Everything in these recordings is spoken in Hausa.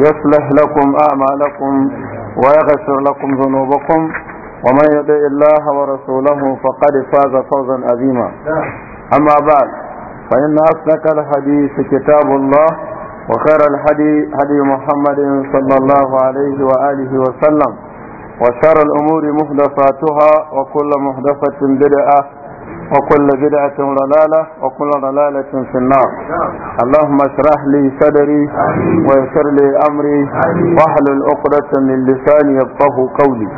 يصلح لكم أعمالكم ويغفر لكم ذنوبكم ومن يطع الله ورسوله فقد فاز فوزا عظيما أما بعد فإن أصدق الحديث كتاب الله وخير الحدي هدي محمد صلى الله عليه وآله وسلم وشر الأمور محدثاتها وكل محدثة بدعة وكل بدعة ضلالة وكل ضلالة في النار اللهم اشرح لي صدري ويسر لي أمري واحلل عقدة من لساني يفقه قولي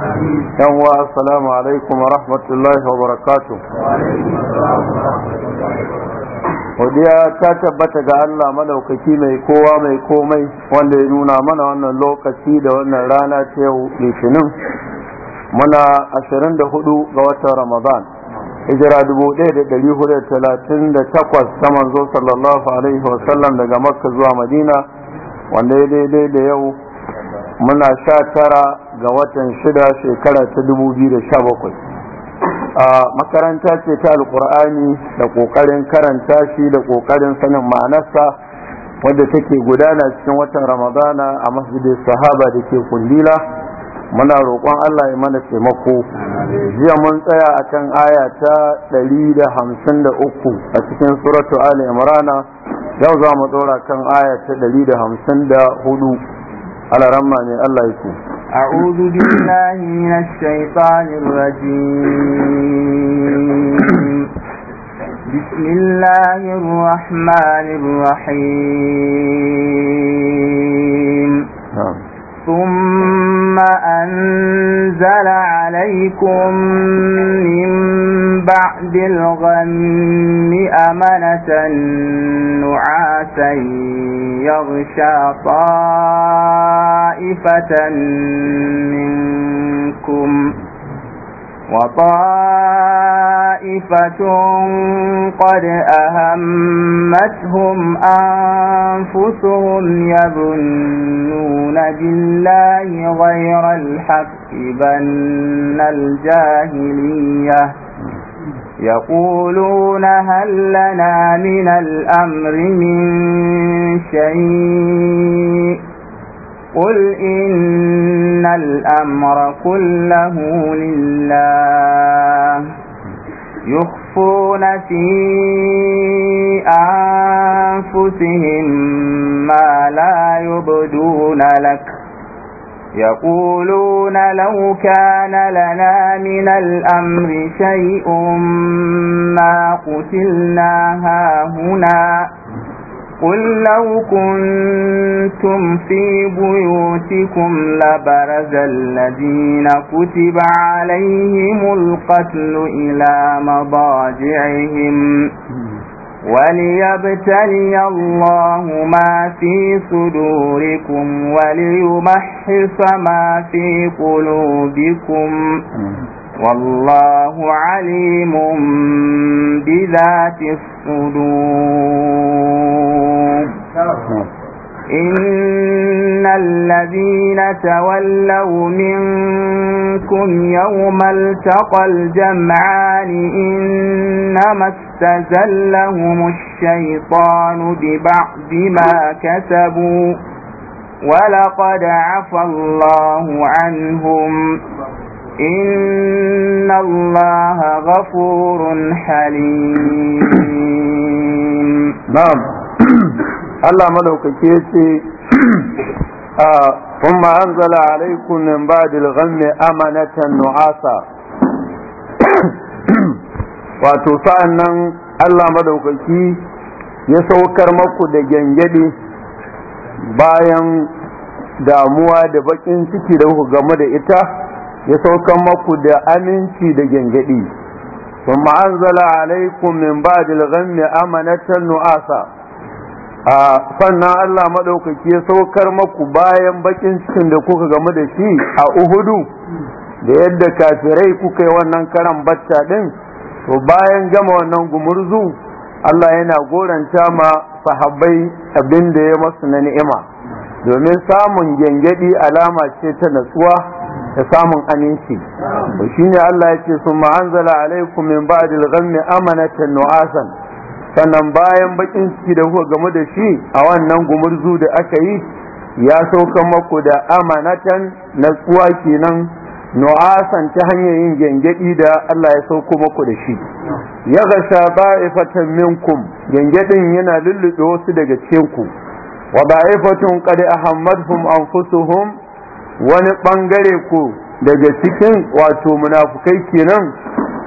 يوم السلام عليكم ورحمة الله وبركاته godiya ta tabbata ga Allah madaukaki mai kowa mai komai wanda ya nuna mana wannan lokaci da wannan rana ta yau litinin muna 24 ga watan Ramadan hijira 1438 ta manzo sallallahu alaihi wasallam daga makka zuwa madina wanda ya daidai da yau muna sha tara ga watan shida shekara ta 2017 a makaranta ce ta alkur'ani da kokarin karanta shi da kokarin sanin ma'anarsa wadda take gudana cikin watan ramadana a masjidin sahaba da ke kundila muna roƙon Allah ya mana taimako jiya mun tsaya a kan aya ta 153 a cikin suratu Ali Imrana yau za mu tsora kan aya ta 154 على رمى من Allah يكون أعوذ بالله من الشيطان الرجيم بسم الله الرحمن الرحيم ثم ثم أنزل عليكم من بعد الغم أمنة نعاسا يغشى طائفة منكم وطائفة قد أهمتهم أنفسهم يظنون بالله غير الحق بن الجاهلية يقولون هل لنا من الأمر من شيء قل إن الأمر كله لله يخفون في أنفسهم ما لا يبدون لك يقولون لو كان لنا من الأمر شيء ما قتلنا هاهنا قل لو كنتم في بيوتكم لبرز الذين كتب عليهم القتل إلى مضاجعهم وليبتلي الله ما في صدوركم وليمحص ما في قلوبكم والله عليم بذات الصدور إن الذين تولوا منكم يوم التقى الجمعان إنما استزلهم الشيطان ببعض ما كسبوا ولقد عفى الله عنهم إن الله غفور حليم نعم الله ملوك كيتي ثم أنزل عليكم من بعد الغم أمنة نعاسا wato sa'an nan Allah madaukaki ya saukar maku da gyangyaɗi bayan damuwa da baƙin ciki da kuka game da ita ya saukan maku da aminci da gyangyaɗi sun ma'anzala alaikum min ba'dil ghammi amanatan nu'asa a sannan Allah maɗaukaki ya saukar maku bayan bakin cikin da kuka gamu da shi a Uhudu da yadda kafirai kuka yi wannan karan bacca din to bayan gama wannan gumurzu Allah yana goranta ma sahabbai abinda ya masu na ni'ima domin samun gyangyaɗi alama ce ta natsuwa Ta samun aminci shi ne Allah ya ce summa anzala alaikum min ba'dil ghammi amanatan nu'asan sannan bayan bakin ciki da kuka game da shi a wannan gumurzu da aka yi ya sauka maku da amanatan natsuwa kenan nu'asan ta hanyar yin gyangyaɗi da Allah ya sauko maku da shi ya gasha ba'ifatan minkum gyangyaɗin yana lullube wasu daga cikin ku wa ba'ifatun qad ahammadhum anfusuhum wani bangare ko daga cikin wato munafukai kenan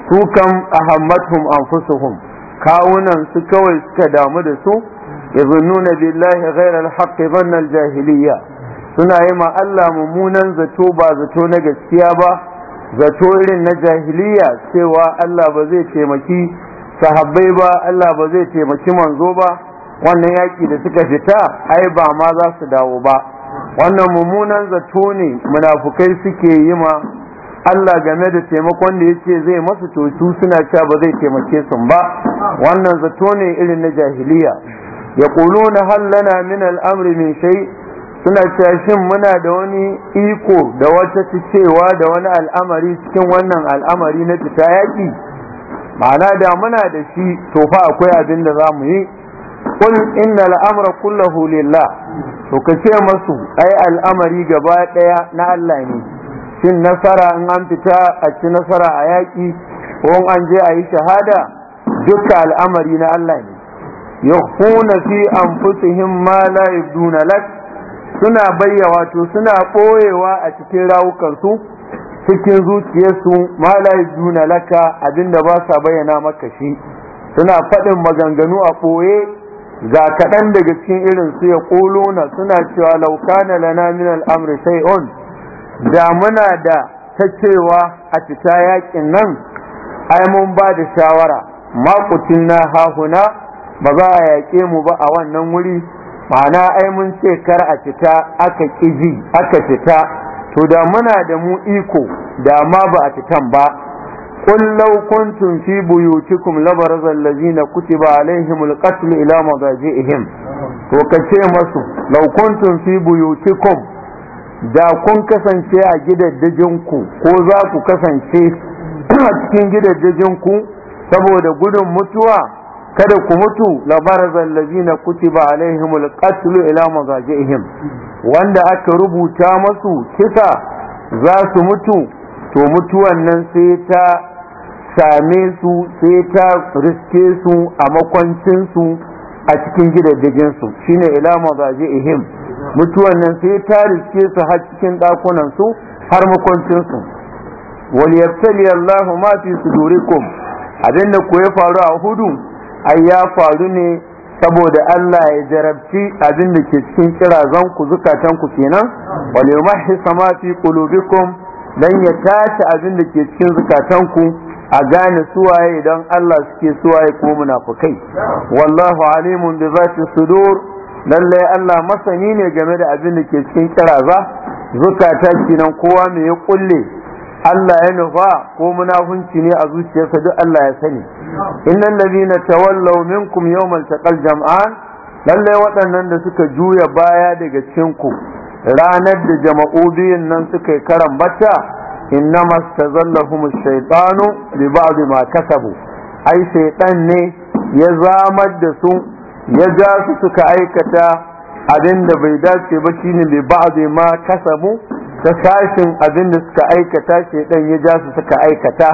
su kan ahammatum anfusuhum kawunan su kawai suka damu da su yazunnuna billahi ghairal haqqi dhanna al-jahiliyya suna yi ma Allah mummunan zato ba zato na gaskiya ba zato irin na jahiliya cewa Allah ba zai taimaki sahabbai ba Allah ba zai taimaki manzo ba wannan yaki da suka fita ai ba ma za su dawo ba wannan mummunan zato ne munafukai suke yi ma Allah game da taimakon da yake zai masu tosu suna cewa ba zai taimake su ba wannan zato ne irin na jahiliya ya na hallana min al'amri mai shai suna cewa shin muna da wani iko da wata cewa da wani al'amari cikin wannan al'amari na fita yaki ma'ana da muna da shi to fa akwai abin da za mu yi kul inna al'amra kullahu lillah to masu ai al'amari gaba daya na Allah ne shin nasara in an fita a ci nasara a yaki ko an je a yi shahada duka al'amari na Allah ne yakhuna fi anfusihim ma la lak suna bayya wato suna boyewa a cikin rawukansu cikin zuciyarsu ma la yabduna laka abinda ba sa bayyana maka shi suna faɗin maganganu a ɓoye ga kaɗan daga cikin irin su ya na suna cewa laukana lana min al'amri on. da muna da ta cewa a fita yaƙin nan ai mun ba da shawara makutin na hahuna ba za a yaƙe mu ba a wannan wuri ma'ana ai mun ce kar a fita aka ƙiji aka fita to da muna da mu iko da ma ba a cikan ba قل لو كنتم في بيوتكم لبرز الذين كتب عليهم القتل إلى مضاجئهم وكتشي مسو لو كنتم في بيوتكم da kun kasance a gidaddajinku ko za ku kasance a cikin gidaddajinku saboda gudun mutuwa kada ku mutu labarazan allazina kutiba alaihimul qatlu ila mazajihim wanda aka rubuta masu kisa za su mutu to mutuwan nan sai ta same su sai ta riske su a makwancinsu a cikin su, shine ila mazaje ihim mutuwan nan sai ta riske su har cikin ɗakunan su har makwancinsu wal yabtali Allahu ma fi sudurikum abinda ko ya faru a hudu ai ya faru ne saboda Allah ya jarabci abin da ke cikin kirazan ku zukatan ku kenan wal yumahhi ma fi qulubikum dan ya tashi abin da ke cikin zukatan ku a gane suwaye idan Allah suke suwaye kuma munafukai wallahu alimun bi zati sudur lallai Allah masani ne game da abin da ke cikin kiraza zukata kinan kowa me ya kulle Allah ya nufa ko munafunci ne a zuciyarsa duk Allah ya sani innal ladina tawallaw minkum yawmal taqal jam'an lallai waɗannan da suka juya baya daga cikin ku ranar da jama'u biyun nan suka yi karambata innama stazallahum ash-shaytanu bi ba'd ma kasabu ai shaiɗan ne ya zamar da su ya ja su suka aikata abin da bai dace ba shine bi ba'd ma kasabu ta sashin abin da suka aikata shaytan ya ja su suka aikata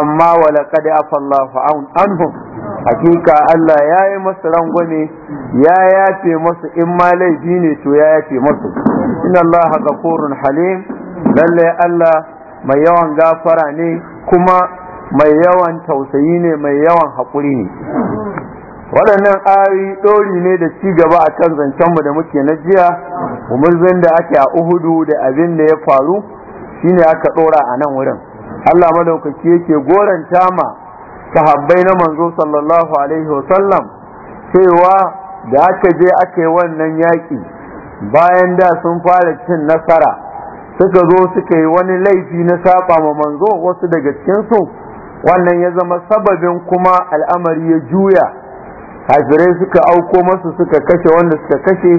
amma wala qad afallahu anhum hakika Allah ya yi masu rangwame ya yafe masu in ma laifi ne to ya yafe masu inna Allah ghafurun halim lalle Allah mai yawan gafara ne kuma mai yawan tausayi ne mai yawan haƙuri ne waɗannan ayoyi ɗori ne da ci gaba a kan zancenmu da muke na jiya umurzin da ake a uhudu da abin da ya faru shine aka ɗora a nan wurin Allah madaukaki yake goranta ma sahabbai na manzo sallallahu alaihi wasallam cewa da aka je aka yi wannan yaƙi bayan da sun fara cin nasara suka zo suka yi wani laifi na saba ma manzo wasu daga cikinsu wannan ya zama sababin kuma al'amari ya juya kafirai suka auko masu suka kashe wanda suka kashe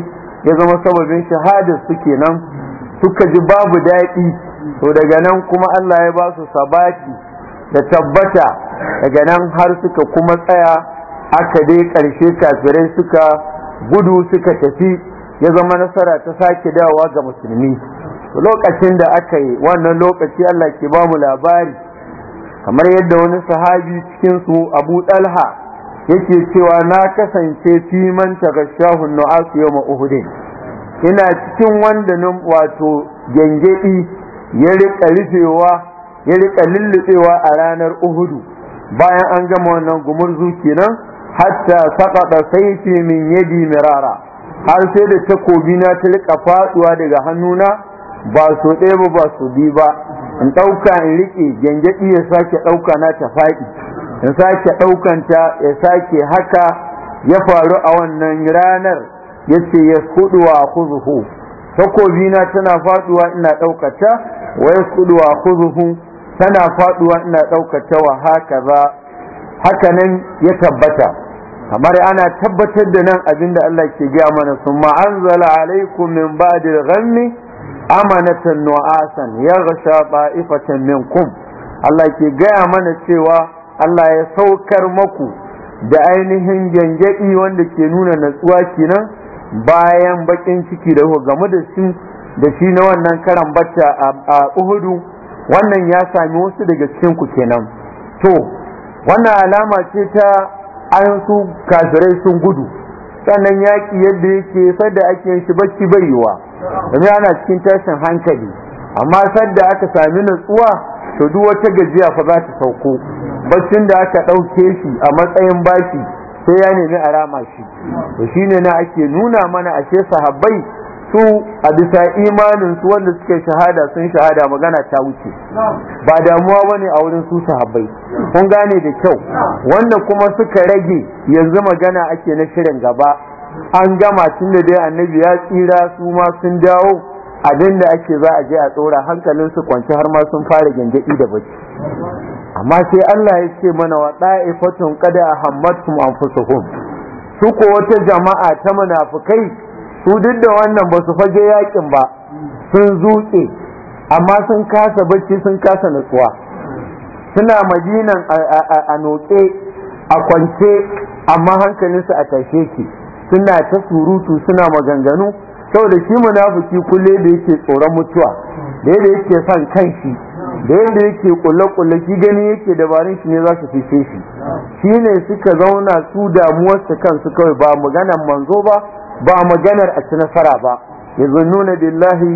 ya zama sababin shahada su kenan suka ji babu daɗi to daga nan kuma Allah ya ba su sabati da tabbata daga nan har suka kuma tsaya aka dai ƙarshe kafirai suka gudu suka tafi ya zama nasara ta sake dawowa ga musulmi lokacin da aka yi wannan lokaci Allah ke ba mu labari kamar yadda wani sahabi cikin su Abu dalha yake cewa na kasance fi man tagashahu nu'as yawm Uhud ina cikin wanda nan wato gengedi ya rika rufewa ya rika lullubewa a ranar Uhudu bayan an gama wannan gumurzu kenan hatta saqata sayfi min yadi mirara har sai da takobi na ta rika faduwa daga hannuna ba su ɗaya ba ba su biyu ba in ɗauka in riƙe gyangyaɗi ya sake ɗauka na ta faɗi in sake ɗaukanta ya sake haka ya faru a wannan ranar ya ce ya kuduwa kuzuhu takobina tana faɗuwa ina ɗaukata wa ya kuduwa kuzuhu tana faɗuwa ina ɗaukata wa haka ba haka nan ya tabbata kamar ana tabbatar da nan abinda Allah ke gaya mana sun ma'anzala alaikum min ba'dil ghammi amanatan nu'asan yaghsha ta'ifatan minkum Allah ke gaya mana cewa Allah ya saukar maku da ainihin gyangyaɗi wanda ke nuna natsuwa kenan bayan bakin ciki da game da shi da shi na wannan karan bacci a Uhudu wannan ya sami wasu daga cikin ku kenan to wannan alama ce ta an su kafirai sun gudu sannan yaƙi yadda yake sada ake shi bacci barewa domin ana cikin tashin hankali amma sadda aka sami nutsuwa to duk wata gajiya fa za ta sauko baccin da aka ɗauke shi a matsayin bashi sai ya nemi arama shi to shine na ake nuna mana ashe sahabbai su a bisa imanin su wanda suke shahada sun shahada magana ta wuce ba damuwa bane a wurin su sahabbai kun gane da kyau wanda kuma suka rage yanzu magana ake na shirin gaba an gama tun da dai annabi ya tsira su ma sun dawo abin da ake za a je a tsora hankalin su kwanci har ma sun fara gyangyaɗi da bacci amma sai Allah ya ce mana wa da'ifatun qada ahammatum anfusuhum su ko wata jama'a ta munafikai su duk da wannan ba su fage yakin ba sun zuke amma sun kasa bacci sun kasa nutsuwa suna madinan a noke a kwance amma hankalinsu a tashe ke. suna ta surutu suna maganganu saboda shi munafiki kulle da yake tsoron mutuwa da yadda yake son kanshi da yadda yake kulle-kulle shi gani yake dabarun shi ne za su fice shi shi ne suka zauna su damuwarsa kansu kawai ba maganar manzo ba ba maganar a ci nasara ba ya yazunnuna billahi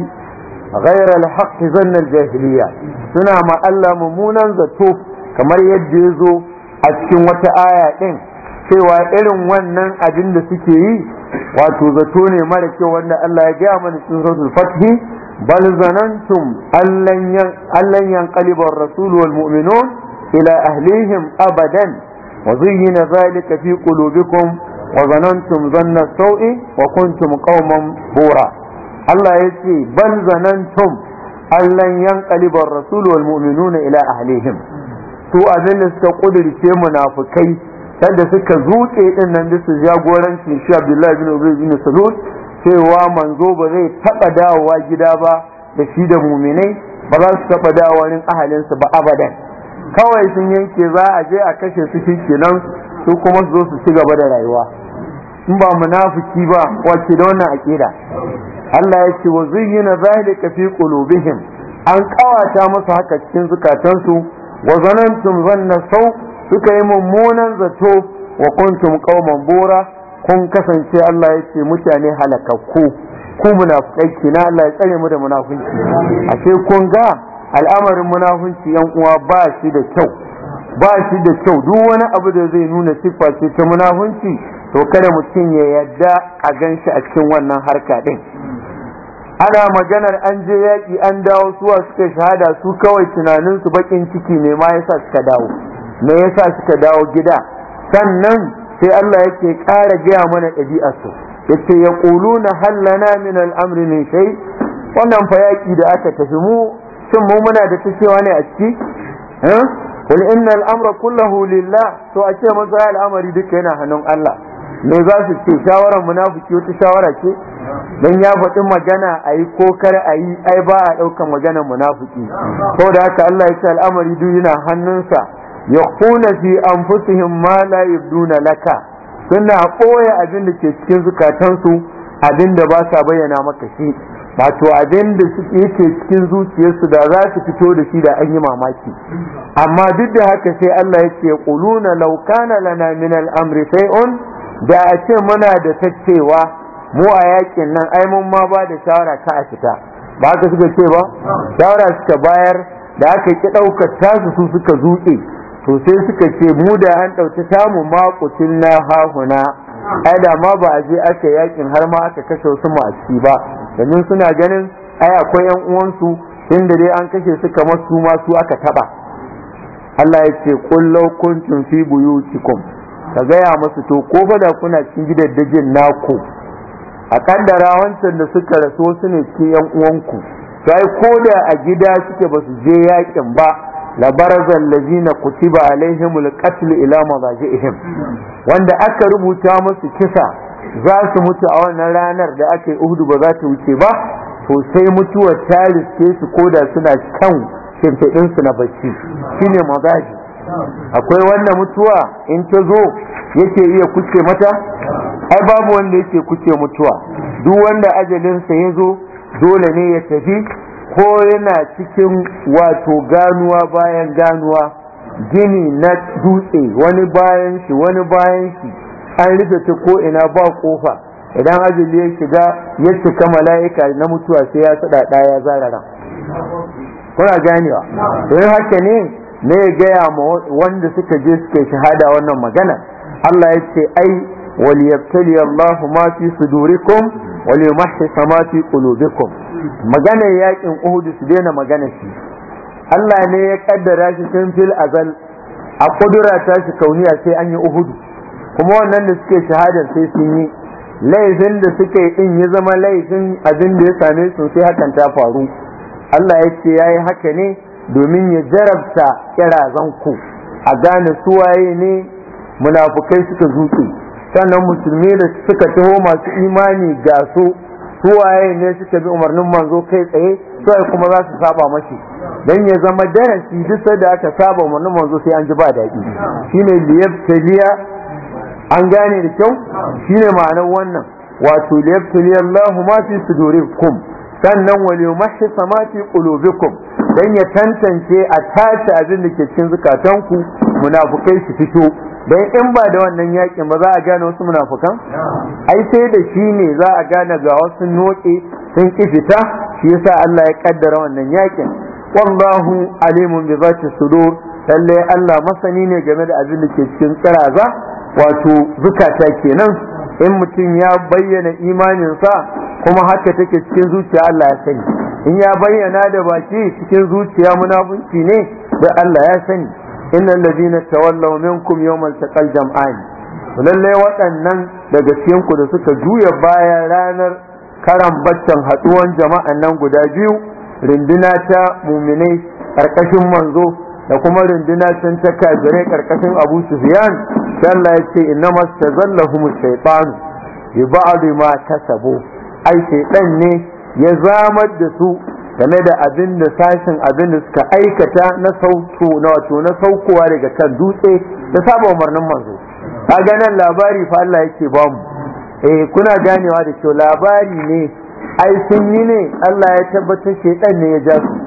غير الحق ظن الجاهلية zato kamar yadda ya zo a cikin wata Aya ɗin. cewa irin wannan abin da suke yi wato zato ne mara kyau wanda Allah ya gaya mana cikin suratul fathi bal zanantum allan yanqalibar rasul wal mu'minun ila ahlihim abadan wa zuyyina zalika fi qulubikum wa zanantum zanna sau'i wa kuntum qauman bura Allah ya ce bal zanantum allan yanqalibar rasul wal mu'minuna ila ahlihim su abin da suka kudirce munafikai sanda suka zuce din nan da su jagoranci shi Abdullahi bin Ubay bin Salul cewa manzo ba zai taba dawowa gida ba da shi da muminai ba za su taba dawowa ahalin ahalinsu ba abadan kawai sun yanke za a je a kashe su shi kenan su kuma su zo su ci gaba da rayuwa in ba munafiki ba wace da wannan aqida Allah ya ce wa zayyana zalika fi qulubihim an kawata musu haka cikin zukatansu wa zanantum zanna sau suka yi mummunan zato wa kuntum qauman bura kun kasance Allah ya ce mutane halakakku ku munafikai kina Allah ya tsare mu da munafunci ashe kun ga al'amarin munafunci yan uwa ba shi da kyau ba shi da kyau duk wani abu da zai nuna siffa ce ta munafunci to kada mutum ya yadda a ganshi a cikin wannan harka din ana maganar an je yaƙi an dawo suwa suka shahada su kawai tunaninsu baƙin ciki ne ma yasa suka dawo me yasa suka dawo gida sannan sai Allah yake ƙara gaya mana ɗabi'arsu yace ya na hallana min al'amri min shai wannan fa yaƙi da aka tafi mu shin mu muna da ta cewa ne a ciki eh? qul inna al'amra kullahu lillah to a ce maza al'amari duka yana hannun Allah me za su ce shawarar munafiki wata shawara ce dan ya faɗi magana a yi ko kar a yi ai ba a ɗaukan maganar munafiki saboda haka Allah ya ce al'amari duk yana hannunsa yakhfuna fi anfusihim ma la yubduna laka suna ɓoye abin da ke cikin zukatansu abin da ba sa bayyana maka shi wato abin da yake cikin zuciyarsu da za su fito da shi da an yi mamaki amma duk da haka sai Allah ya ce quluna law kana lana min al-amri shay'un da a ce muna da tacewa mu a yakin nan ai mun ma ba da shawara ka a fita ba ka suka ce ba shawara suka bayar da aka ki ɗaukata tasu su suka zuƙe to sai suka ce mu da an ɗauki samu makucin na hahuna ai da ma ba a je aka yakin har ma aka kashe su masu ba domin suna ganin ai akwai yan uwansu inda dai an kashe su kamar su ma su aka taba Allah ya ce qul kuntum fi buyutikum ka gaya musu to ko fa da kuna cikin gidaddajin naku a kaddara wancan da suka rasu su ne ke yan uwanku sai ko da a gida suke ba su je yakin ba labaraza allazina kutiba alaihimul qatl ila mazaji'ihim wanda aka rubuta musu kisa za su mutu a wannan ranar da aka yi uhudu ba za ta wuce ba to sai mutuwar ta riske su koda suna kan shimfiɗinsu na bacci shine mazaji akwai wanda mutuwa in ta zo yake iya kuce mata ai babu wanda yake kuce mutuwa duk wanda ajalinsa ya zo dole ne ya tafi ko yana cikin wato ganuwa bayan ganuwa gini na dutse wani bayan shi wani bayan shi an rufe ta ko ina ba kofa idan azumi ya shiga ya cika mala'ika na mutuwa sai ya tsada ɗaya zarara kuna ganewa don haka ne na ya gaya ma wanda suka je suke shahada wannan magana Allah ya ce ai waliyabtali Allah ma fi sudurikum wale mashi samati fi maganar yakin Uhudu su daina magana shi Allah ne ya kaddara shi tun fil azal a kudura ta shi kauniya sai an yi uhud kuma wannan da suke shahada sai sun yi laifin da suke in ya zama laifin abin da ya same su sai hakan ta faru Allah ya ce yayi haka ne domin ya jarabta kirazan ku a gane waye ne munafukai suka zuke sannan musulmi da suka taho masu imani ga su suwaye ne suka bi umarnin manzo kai tsaye suwaye kuma za su saba mashi dan ya zama darasi duk da aka saba umarnin manzo sai an ji ba daɗi shine liyabtaliya an gane da kyau shine ma'anar wannan wato liyabtaliya Allahu ma fi sudurikum sannan wa liyumahhisa ma fi qulubikum dan ya tantance a tace abin da ke cikin zukatanku munafukai su fito dan in ba da wannan yakin ba za a gane wasu munafukan ai sai da shi ne za a gane ga wasu noke sun kifita fita shi yasa Allah ya kaddara wannan yakin wallahu alimun bi zati sudur lalle Allah masani ne game da abin da ke cikin kiraza wato zukata kenan in mutum ya bayyana imaninsa kuma haka take cikin zuciya Allah ya sani in ya bayyana da baki cikin zuciya munafunci ne da Allah ya sani innal ladina tawallaw minkum yawmal taqal jam'an lalle waɗannan daga cikin ku da suka juya baya ranar karan baccan haduwan jama'an nan guda biyu rinduna ta muminai karkashin manzo da kuma rinduna can ta kafirai karkashin Abu Sufyan Allah ya ce inna mastazallahu shaytan bi ba'd ma kasabu ai shaytan ne ya zamar da su game da abin da sashen abin da suka aikata na sauko na wato na saukowa daga kan dutse da saba umarnin manzo kaga nan labari fa Allah yake ba mu eh kuna ganewa da cewa labari ne ai sun yi ne Allah ya tabbatar shedan ne ya ja su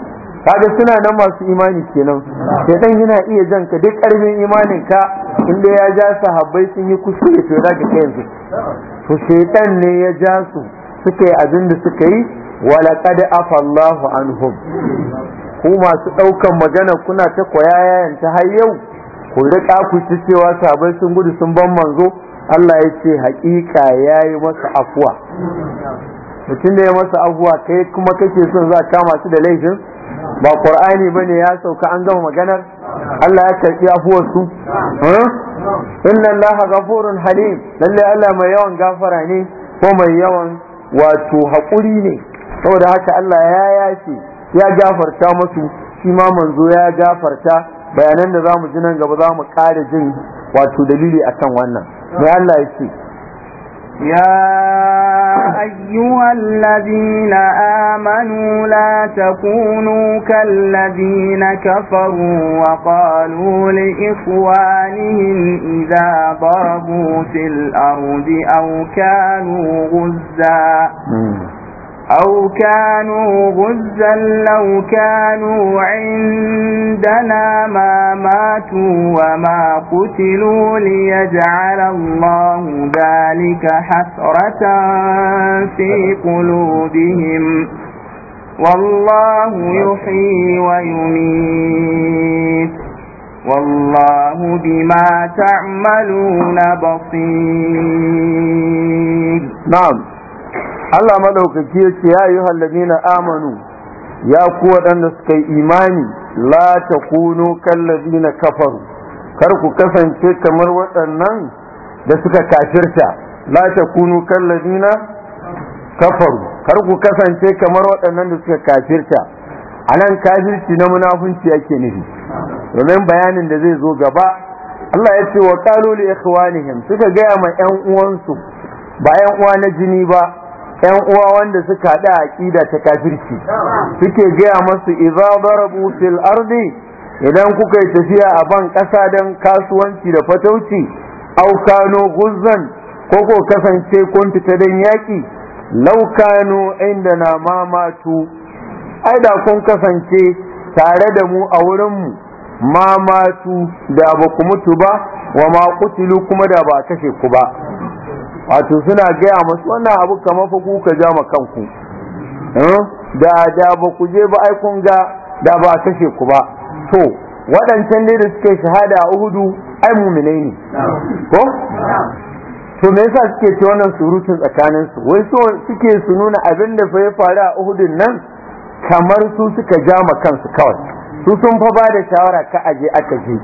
kaga suna nan masu imani kenan shedan yana iya jan ka duk karfin imanin ka inda ya ja sahabbai sun yi kuskure to zaka kai yanzu to shedan ne ya ja su suka yi abin da suka yi walaƙad afallahu anhum ku masu ɗaukan magana kuna ta koyayayan ta har yau ku riƙa ku ci cewa sabai sun gudu sun ban manzo Allah ya ce haƙiƙa ya yi masa afuwa mutum da ya masa afuwa kai kuma kake son za kama su da laifin ba ƙur'ani bane ne ya sauka an gama maganar Allah ya karɓi afuwar su inna Allah ghafurun halim lalle Allah mai yawan gafara ne ko mai yawan wato haƙuri ne saboda haka Allah ya yace ya gafarta musu shi ma manzo ya gafarta bayanan da zamu ji nan gaba zamu mu ƙara jin wato dalili akan wannan mai Allah ya ce يا أيها الذين آمنوا لا تكونوا كالذين كفروا وقالوا لإخوانهم إذا ضربوا في الأرض أو كانوا غزاً أو كانوا غزا لو كانوا عندنا ما ماتوا وما قتلوا ليجعل الله ذلك حسرة في قلوبهم والله يحيي ويميت والله بما تعملون بصير نعم Allah madaukaki ya ce ya yi hallazina amanu ya ku waɗanda suka yi imani la ta kuno kallazina kafaru kar ku kasance kamar waɗannan da suka kafirta la ta kuno kallazina kafaru kar ku kasance kamar waɗannan da suka kafirta a nan kafirci na munafunci yake nufi domin bayanin da zai zo gaba Allah ya ce wa kalu li ikhwanihim suka gaya ma ƴan uwansu ba ƴan uwa na jini ba yan uwa wanda suka haɗa aƙida ta kafirci suke gaya masu idza darabu fil ardi idan kuka yi tafiya a ban ƙasa dan kasuwanci da fatauci au kanu guzzan ko ko kasance kun fita dan yaki, law kanu inda na mamatu ai da kun kasance tare da mu a wurin mu mamatu da ba ku mutu ba wa ma kutilu kuma da ba kashe ku ba wato suna gaya masu wannan abu kamar fa ku ka jama kanku eh? da da ba ku je ba ai kun ga da ba kashe ku ba to waɗancan ne da suke shahada a uhudu ai muminai ne ko to me yasa suke ce wannan surutun tsakanin su wai so suke su nuna abin da fa ya faru a uhudun nan kamar su suka jama kansu kawai su sun fa ba da shawara ka aje aka je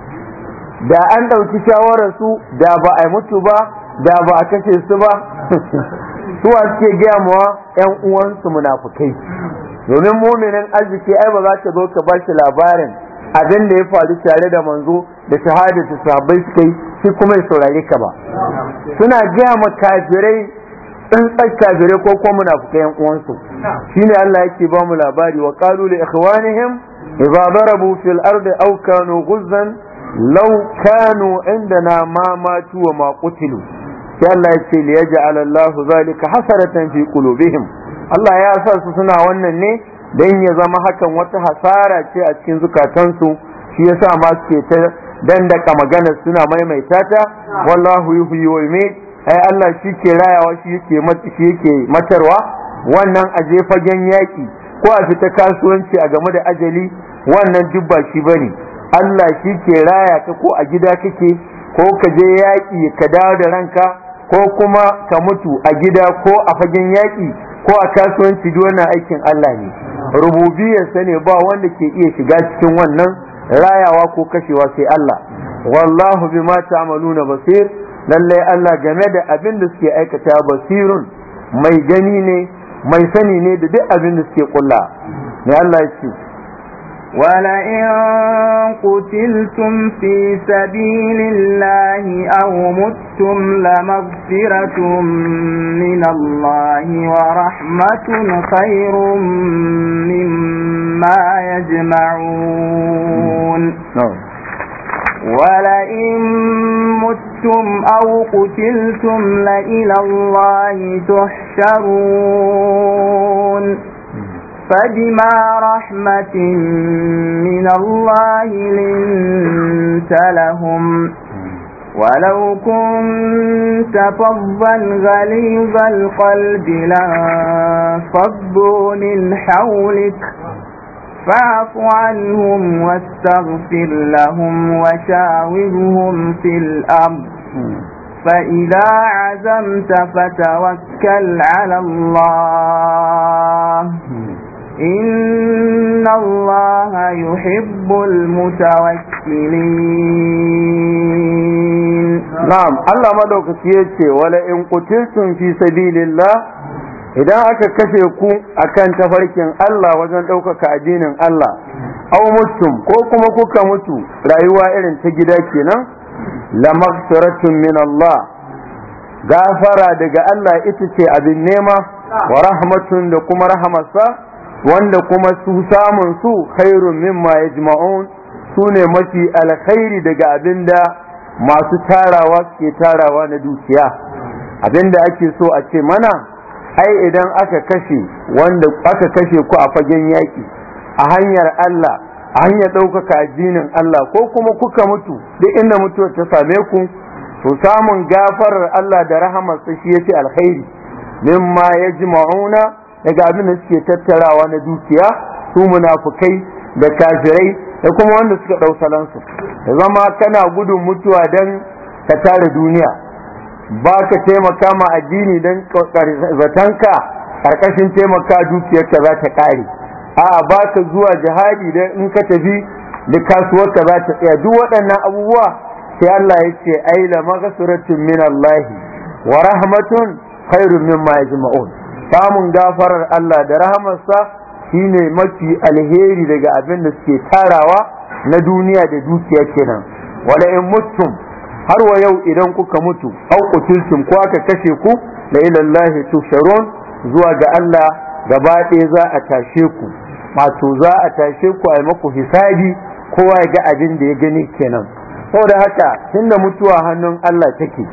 da an ɗauki shawarar su da ba a mutu ba da ba a kashe su ba suwa suke gaya mawa yan uwansu munafukai domin muminin arziki ai ba za ta zo ka ba shi labarin abin da ya faru tare da manzo da shahada ta sahabbai suka yi shi kuma ya saurare ka ba suna gaya ma kafirai tsantsar kafirai ko kuma munafukai yan uwansu shine Allah yake ba mu labari wa qalu li ikhwanihim idza darabu fil ardi aw kanu ghuzzan law kanu wa ma qutilu sai Allah ya ce liyaj'al alallahu zalika hasaratan fi qulubihim Allah ya sa su suna wannan ne dan ya zama hakan wata hasara ce a cikin zukatansu shi yasa ma suke ta dandaka magana suna maimaita ta wallahu yuhyi wa yumiit ai Allah shi ke rayawa shi yake shi yake matarwa wannan aje fagen yaki ko a fita kasuwanci a game da ajali wannan duk ba shi bane Allah shi ke raya ka ko a gida kake ko ka je yaƙi ka dawo da ranka ko kuma ka mutu a gida ko a fagen yaƙi ko a kasuwanci duk wannan aikin Allah ne rububiyarsa ne ba wanda ke iya shiga cikin wannan rayawa ko kashewa sai Allah wallahu bima ta'maluna basir lallai Allah game da abin da suke aikata basirun mai gani ne mai sani ne da duk abin da suke kulla ne Allah ya ce ولئن قتلتم في سبيل الله أو متم لمغفرة من الله ورحمة خير مما يجمعون نعم. ولئن متم أو قتلتم لإلى الله تحشرون فبما رحمة من الله لنت لهم ولو كنت فظا غليظ القلب لانفضوا من حولك فاعف عنهم واستغفر لهم وشاورهم في الأرض فإذا عزمت فتوكل على الله إن الله يحب المتوكلين نعم الله ما دوك سيئتي ولا إن قتلتم في سبيل الله idan aka kashe ku akan tafarkin Allah wajen ɗaukaka addinin Allah au mutum ko kuma kuka mutu rayuwa irin ta gida kenan la maghfiratun min Allah gafara daga Allah ita ce abin nema wa rahmatun da kuma rahamarsa wanda kuma su samun su khairun mimma yajma'un su ne mafi alkhairi daga abinda masu tarawa ke tarawa na dukiya abinda ake so a ce mana ai idan aka kashe wanda aka kashe ku a fagen yaƙi a hanyar Allah a hanyar ɗaukaka addinin Allah ko kuma kuka mutu duk inda mutuwar ta same ku to samun gafarar Allah da rahamarsa shi yace alkhairi mimma yajma'una daga abin da suke tattarawa na dukiya su munafukai da kafirai da kuma wanda suka ɗau salansu da zama kana gudun mutuwa dan ka tare duniya ba ka taimaka ma addini don zatanka ƙarƙashin taimaka dukiyarka za ta ƙare a'a ba ka zuwa jihadi don in ka tafi da kasuwarka za ta tsaya duk waɗannan abubuwa sai Allah ya ce ai la maghfiratun min Allah wa rahmatun khairun mimma yajma'un samun gafarar Allah da rahamarsa shine mafi alheri daga abin da suke tarawa na duniya da dukiya kenan wala in mutum har wa yau idan kuka mutu au qutultum ko aka kashe ku la ilallahi tusharun zuwa ga Allah gaba ɗaya za a tashe ku wato za a tashe ku a maku hisabi kowa ya ga abin da ya gani kenan saboda haka tunda mutuwa hannun Allah take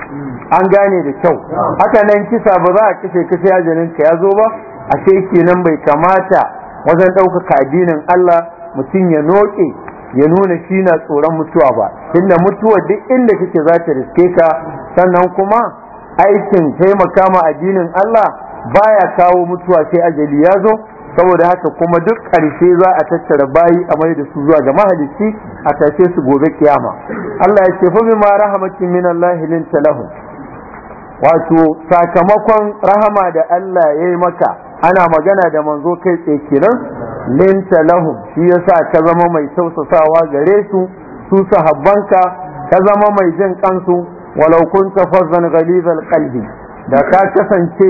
an gane da kyau haka nan kisa ba za a kashe kashe ajalin ka ya zo ba ashe kenan bai kamata wajen ɗaukaka addinin Allah mutum ya noke ya nuna shi na tsoron mutuwa ba tunda mutuwa duk inda kake za ta riske ka sannan kuma aikin taimaka ma addinin Allah baya kawo mutuwa sai ajali ya zo saboda haka kuma duk ƙarshe za a tattara bayi a mai da su zuwa ga mahalicci a tashe su gobe kiyama Allah ya ce fa bima rahmatin min Allah linta lahum wato sakamakon rahama da Allah ya yi maka ana magana da manzo kai tsaye kiran linta lahum shi yasa ka zama mai tausasawa gare su su sahabbanka ka zama mai jin kansu walau kunta fazzan ghalizal qalbi da ka kasance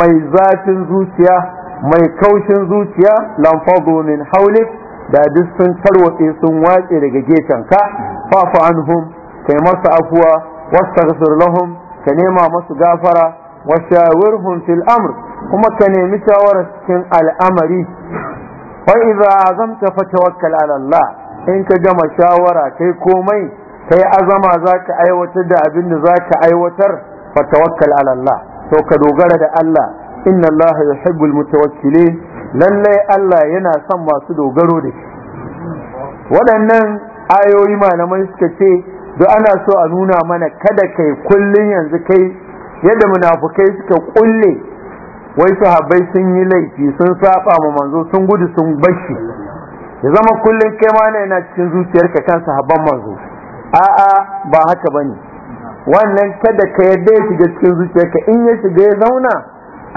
mai zafin zuciya mai kaushin zuciya lamfadu min haulik da duk sun tarwatse sun wace daga gefen ka fafu anhum kai masu afuwa wastaghfir lahum ka nema masu gafara wa shawirhum fil amr kuma ka nemi shawara cikin al'amari wa idza azamta tawakkal ala Allah in ka gama shawara kai komai kai azama zaka aiwatar da abin da zaka aiwatar Fa fatawakkal ala Allah to ka dogara da Allah inna Allah yuhibbul mutawakkilin lallai Allah yana son masu dogaro da shi waɗannan ayoyi malamai suka ce duk ana so a nuna mana kada kai kullun yanzu kai yadda munafukai suka kulle wai sahabbai sun yi laifi sun saba ma manzo sun gudu sun bashi ya zama kullun kai ma yana cikin zuciyarka kan sahabban manzo a'a ba haka bane wannan kada ka yadda ya shiga cikin zuciyarka in ya shiga ya zauna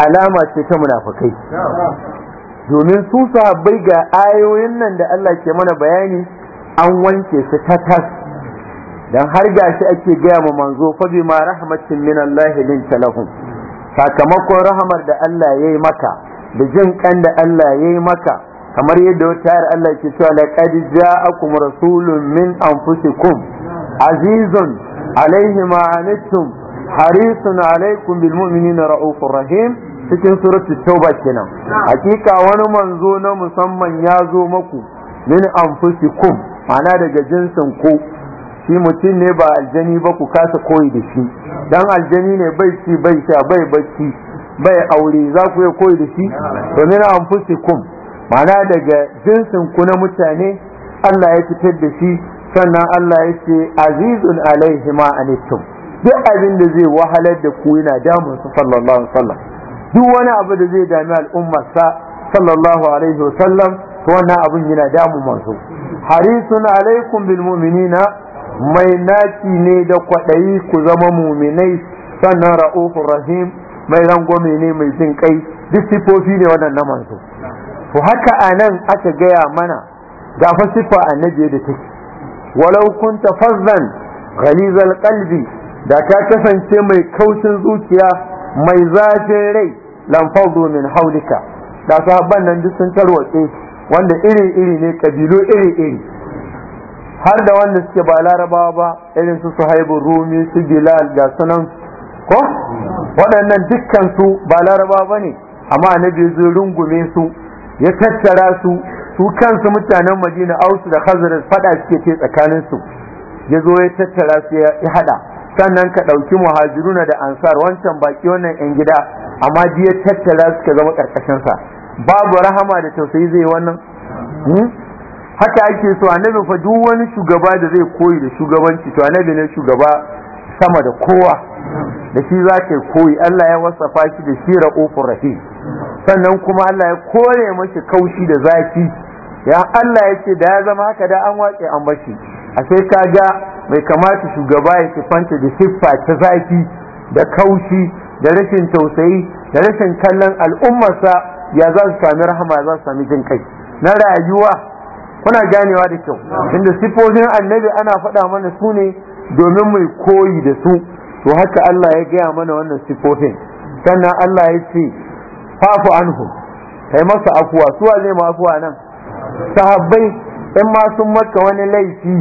alama ce ta munafukai domin su sahabbai ga ayoyin nan da Allah ke mana bayani an wanke su ta dan har ga shi ake gaya ma manzo fa ma rahmatin min Allah lin talahum sakamakon rahamar da Allah yayi maka da jin kan da Allah yayi maka kamar yadda wata ayar Allah ke cewa laqad ja'akum rasulun min anfusikum azizun alaihi ma anittum harisun alaikum bil mu'minina raufur rahim cikin suratul tauba kenan hakika wani manzo na musamman ya zo maku min anfusikum Mana daga jinsin ku shi mutum ne ba aljani ba ku kasa koyi da shi dan aljani ne bai ci bai sha bai bacci bai aure za ku iya koyi da shi to min anfusikum Mana daga jinsin ku na mutane Allah ya fitar da shi sannan Allah ya ce azizun alaihima ma anittum duk abin da zai wahalar da ku yana damun su sallallahu alaihi wasallam duk wani abu da zai dami sa, sallallahu alaihi wasallam to wannan abun yana damu masu harisun alaikum bil mu'minina mai naci ne da kwaɗayi ku zama muminai sannan ra'ufur rahim mai rangwame ne mai jin kai duk sifofi ne wannan na manzo to haka anan aka gaya mana ga fa sifa annabi da take walau kunta fazzan ghalizal qalbi da ka kasance mai kaucin zuciya mai zafin rai lan fawdu min haulika da sahabban nan duk sun tarwatse wanda iri iri ne kabilu iri iri har da wanda suke ba larabawa ba irin su suhaibu rumi su bilal ga sunan ko waɗannan dukkan su ba larabawa ba ne amma annabi zai rungume su ya tattara su su kansu mutanen madina ausu da khazraj fada suke ce tsakanin su ya zo ya tattara su ya hada sannan ka ɗauki muhajiruna da ansar wancan baki wannan yan gida amma jiya ya tattara suka zama karkashinsa babu rahama da tausayi zai wannan hmm? haka ake so annabi fa duk wani shugaba da zai koyi da shugabanci to annabi ne shugaba sama da kowa da shi za ka koyi Allah ya wasafa shi da shi ra'ufur rahim sannan kuma Allah ya kore mashi kaushi da zafi ya Allah ya ce da ya zama haka da an watse an bashi a sai ka ga mai kamata shugaba ya fanta da siffa ta zafi da kaushi da rashin tausayi da rashin kallon al'ummarsa ya za su sami rahama ya za su sami jin kai na rayuwa kuna ganewa da kyau inda sifofin annabi ana faɗa mana su ne domin mai koyi da su to haka Allah ya gaya mana wannan sifofin sannan Allah ya ce fafu anhu kai masa afuwa su ne ma afuwa nan sahabbai in ma sun maka wani laifi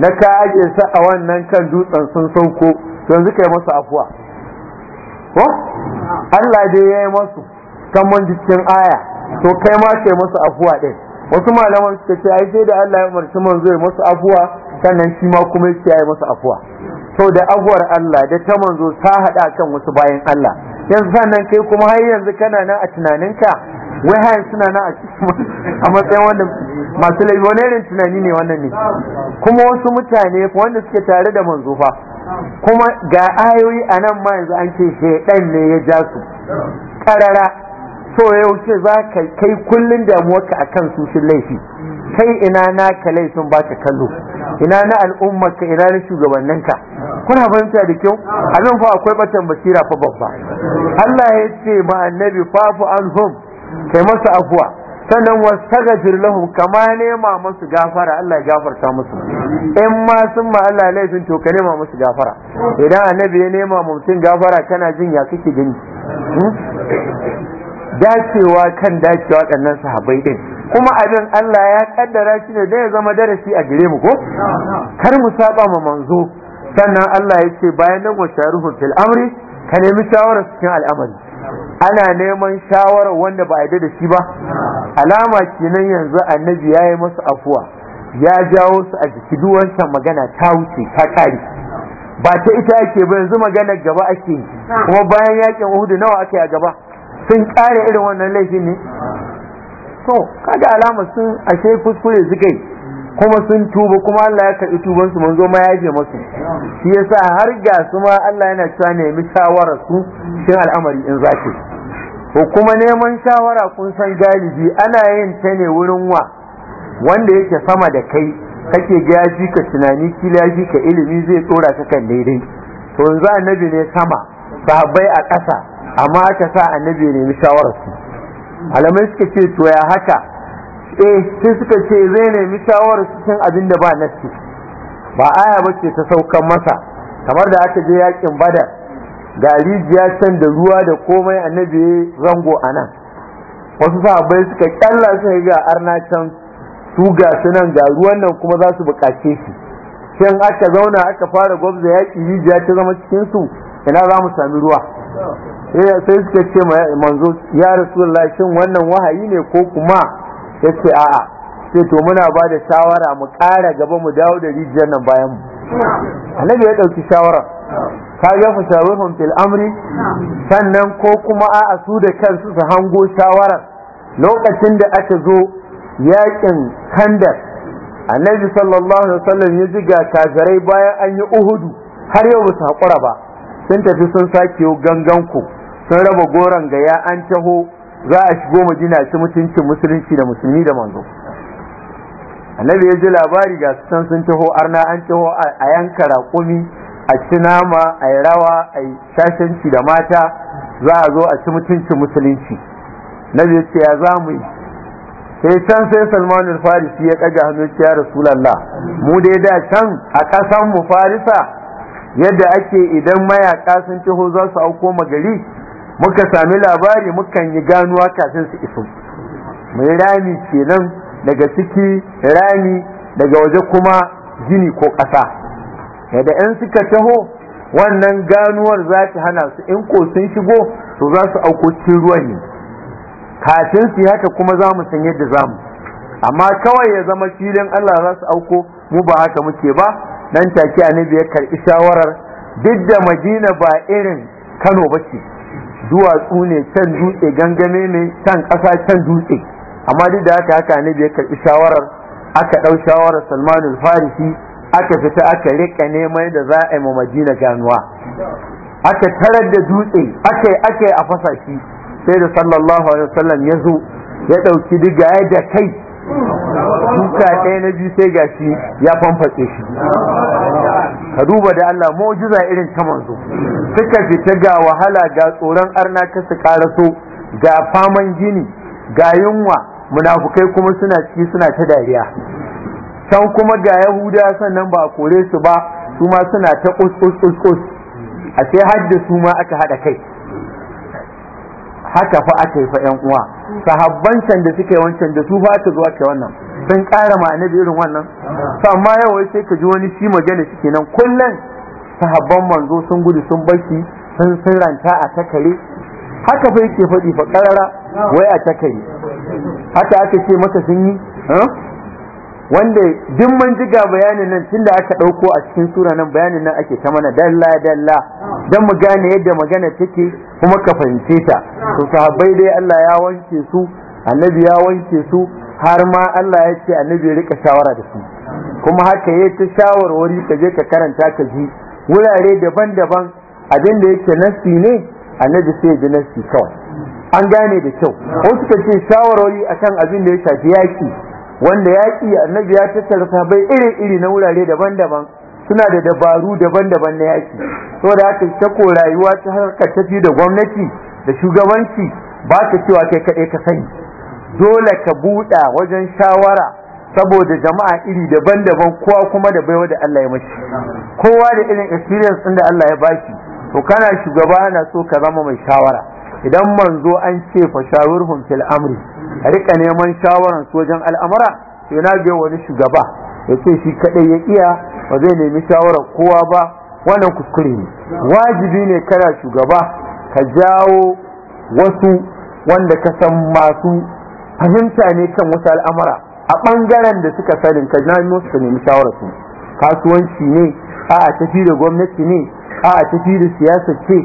na ka ajiye sa a wannan kan dutsen sun sauko to yanzu kai masa afuwa ko Allah dai ya yi masu kan jikin aya to kai ma yi masu afuwa ɗin wasu malaman suka ce ai sai da Allah ya umarci manzo ya masu afuwa sannan shi ma kuma ya yi masu afuwa to da afuwar Allah da ta manzo ta haɗa kan wasu bayan Allah yanzu sannan kai kuma har yanzu kana nan a tunaninka wai hayan suna na a matsayin wanda masu laifi wani irin tunani ne wannan ne kuma wasu mutane wanda suke tare da manzo kuma ga ayoyi a nan ma yanzu an ce shaidan ne ya ja su karara so ya wuce za ka kai kullum damuwarka akan su sun laifi kai ina na ka laifin ba ka kallo ina na ka, ina na shugabanninka kuna fahimta da kyau abin fa akwai batan basira fa babba Allah ya ce ma annabi fafu anhum kai masa afuwa sannan wastaghfir lahum kama nema musu gafara Allah ya gafarta musu in ma sun ma Allah laifin to ka nema musu gafara idan annabi ya nema mutum gafara kana jin ya kake gani hmm? dacewa kan dacewa waɗannan sahabbai din kuma abin Allah ya kaddara shi ne da ya zama darasi a gare mu ko kar mu saba ma manzo sannan Allah ya ce bayan nan wa sharuhu fil amri ka nemi shawara cikin al'amari ana neman shawarar wanda ba a yi da shi ba alama kenan yanzu annabi ya yi masu afuwa ya jawo su a jiki duk wancan magana ta wuce ta kare ba ta ita ake ba yanzu maganar gaba ake kuma bayan yakin uhudu nawa aka a gaba sun kare irin wannan laifin ne to kaga alama sun ashe kuskure suka kuma sun tuba kuma Allah ya karɓi tuban su manzo ma yaje musu shi yasa har ga su ma Allah yana cewa ne mi shawara su shin al'amari in zaki ko kuma neman shawara kun san galibi ana yin ta ne wurin wa wanda yake sama da kai kake ga ka tunani kila ka ilimi zai tsora ka kan daidai to yanzu annabi ne sama sahabbai a ƙasa amma aka sa annabi ne mi shawara su alamai suka ce to ya haka eh sai suka ce zai nemi shawarar cikin abin da ba nassi ba aya ba ce ta saukan masa kamar da aka je yakin bada ga rijiya can da ruwa da komai annabi rango a nan wasu sahabbai suka kyalla su ga arna can su ga sunan ga ruwan nan kuma za su bukace shi can aka zauna aka fara gwabza yaƙi rijiya ta zama cikinsu? ina za mu sami ruwa eh, sai suka ce manzo ya rasulullahi shin wannan wahayi ne ko kuma ya ce a'a sai to muna ba da shawara mu ƙara gaba mu dawo da rijiyar nan bayan mu annabi ya ɗauki shawara ka ga fasarufin fil amri sannan ko kuma a'a su da kansu su hango shawara lokacin da aka zo yakin kandar annabi sallallahu alaihi wasallam ya jiga kazarai bayan an yi uhudu har yau ba su haƙura ba sun tafi sun sake gangan ku sun raba goron gaya an taho za a shigo madina ci mutuncin musulunci da musulmi da manzo annabi ya ji labari ga su sun taho arna an taho a yanka raƙumi a ci nama a yi rawa a yi shashanci da mata za a zo a ci mutuncin musulunci nabi ya ce ya za mu yi sai can sai salman farisi ya kaga hannu ya rasulallah mu dai da can a ƙasan mu farisa yadda ake idan mayaka sun taho za su auko magari muka sami labari mukan yi ganuwa kafin su iso mai rami kenan daga ciki rami daga waje kuma gini ko ƙasa yadda 'yan suka taho wannan ganuwar za ta hana su in ko sun shigo su za su auko cikin ruwan ne kafin su haka kuma za mu san yadda za mu amma kawai ya zama filin Allah za su auko mu ba haka muke ba nan take annabi ya karbi shawarar duk da Madina ba irin Kano ba ce duwatsu ne can dutse gangame ne can ƙasa can dutse amma duk da haka haka ne bai karɓi shawarar aka ɗau shawarar salmanul farisi aka fita aka riƙa neman da za a yi ma madina ganuwa aka tarar da dutse aka yi aka yi a fasa sai da sallallahu alaihi wasallam ya zo ya ɗauki diga ya da kai duka ɗaya na biyu sai gashi ya famfatse shi ka duba da Allah mu'jiza irin ta manzo suka fita ga wahala ga tsoron arna ta su karaso ga faman gini ga yunwa munafukai kuma suna ciki suna ta dariya can kuma ga yahuda sannan ba a kore su ba su ma suna ta ƙus ƙus ƙus ƙus. a sai hadda su ma aka haɗa kai haka fa aka yi fa yan uwa sahabban can da suke wancan da su fa zuwa ke wannan sun ƙara ma annabi irin wannan to amma yau sai ka ji wani shi magana shi kenan kullun sahabban manzo sun gudu sun barki sun sun ranta a takare haka fa yake faɗi fa ƙarara wai a takare haka aka ce maka sun yi eh? wanda duk mun jiga bayanin nan tunda aka ɗauko a cikin sura nan bayanin nan ake ta mana dalla dalla dan mu gane yadda magana take kuma ka fahimce ta to sahabbai dai Allah ya wanke su annabi ya wanke su har ma Allah ya ce annabi ya rika shawara da su kuma haka ya ta shawarwari ka je ka karanta ka ji wurare daban-daban abin da yake nasi ne annabi sai ya ji nasi kawai an gane da kyau ko suka ce shawarwari akan abin da ya shafi yaki wanda yaƙi annabi ya tattara sahabbai iri-iri na wurare daban-daban suna da dabaru daban-daban na yaƙi saboda haka ta ko rayuwa ta harkar tafi da gwamnati da shugabanci ba ta cewa kai kaɗai ka sani dole ka buɗa wajen shawara saboda jama'a iri daban-daban kowa kuma da baiwa da Allah ya mashi kowa da irin experience ɗin da Allah ya shi to kana shugaba ana so ka zama mai shawara idan manzo an ce fa shawirhum fil amri a rika neman shawaran su wajen al'amara to yana biyo wani shugaba ya ce shi kadai ya iya ba zai nemi shawarar kowa ba wannan kuskure ne wajibi ne kana shugaba ka jawo wasu wanda ka san masu fahimta ne kan wasu al'amara a ɓangaren da suka sanin ka na musu ka nemi shawarar su kasuwanci ne a tafi da gwamnati ne a a tafi da siyasa ce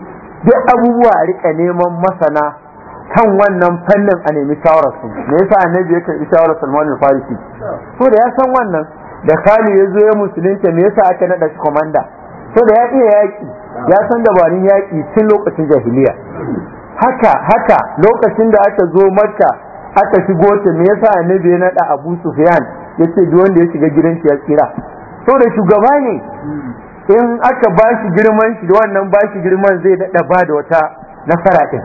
duk abubuwa a rika neman masana kan wannan fannin a nemi shawararsu me yasa annabi ya karbi shawarar Salman al-Farisi so da ya san wannan da kali ya zo ya musulunta me yasa aka nada shi komanda so da ya iya yaki ya san dabarun yaƙi tun lokacin jahiliya haka haka lokacin da aka zo Makka aka shigo ta me yasa annabi ya nada Abu Sufyan yace duk wanda ya shiga gidan shi ya tsira da shugaba ne in aka ba shi girman shi wannan ba shi girman zai daɗa ba da wata nasara ɗin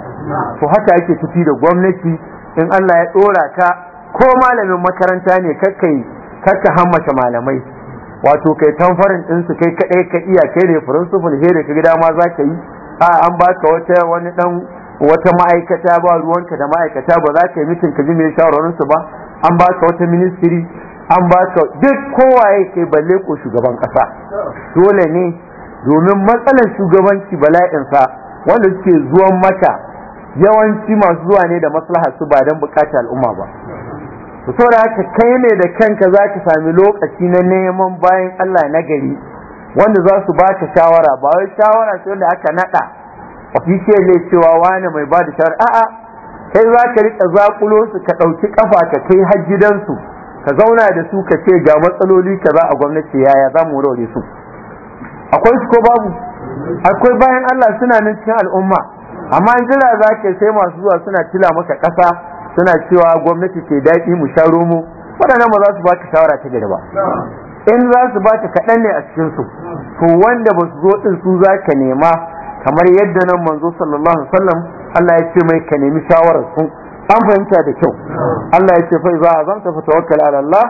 to haka ake tafi da gwamnati in Allah ya ɗora ka. ko malamin makaranta ne kakai kakka hammace malamai wato kai tamfarin su kai kaɗai ka iya kai ne principal here ka gida ma za ka yi a an ba ka wata wani ɗan wata ma'aikata ba ruwanka da ma'aikata ba za ka yi mitin ka ji mai shawarwarinsu ba an baka wata ministry an ba ka duk kowaye ke balle ko shugaban kasa dole ne domin matsalar shugabanci bala'insa wanda suke zuwan mata yawanci masu zuwa ne da maslaha su ba don bukatar al'umma ba saboda haka kai ne da kanka za ka sami lokaci na neman bayan Allah na gari wanda za su ba ka shawara ba wai shawara sai aka nada ofishiyar ne cewa wani mai ba da shawara a'a kai za ka rika zakulo su ka ɗauki kafa ka kai har gidansu ka zauna da su ka ce ga matsaloli ka za a gwamnati yaya za mu warware su akwai su ko babu akwai bayan Allah suna nan cikin al'umma amma in jira za ka sai masu zuwa suna tila maka ƙasa suna cewa gwamnati ke daɗi mu sharo mu waɗannan ba za su baka shawara ta gari ba in za su baka kaɗan ne a cikin su to wanda ba su zo ɗin su za ka nema kamar yadda nan manzo sallallahu alaihi wasallam Allah ya ce mai ka nemi shawarar su an fahimta da kyau Allah ya ce fa za azamta fa tawakkal ala Allah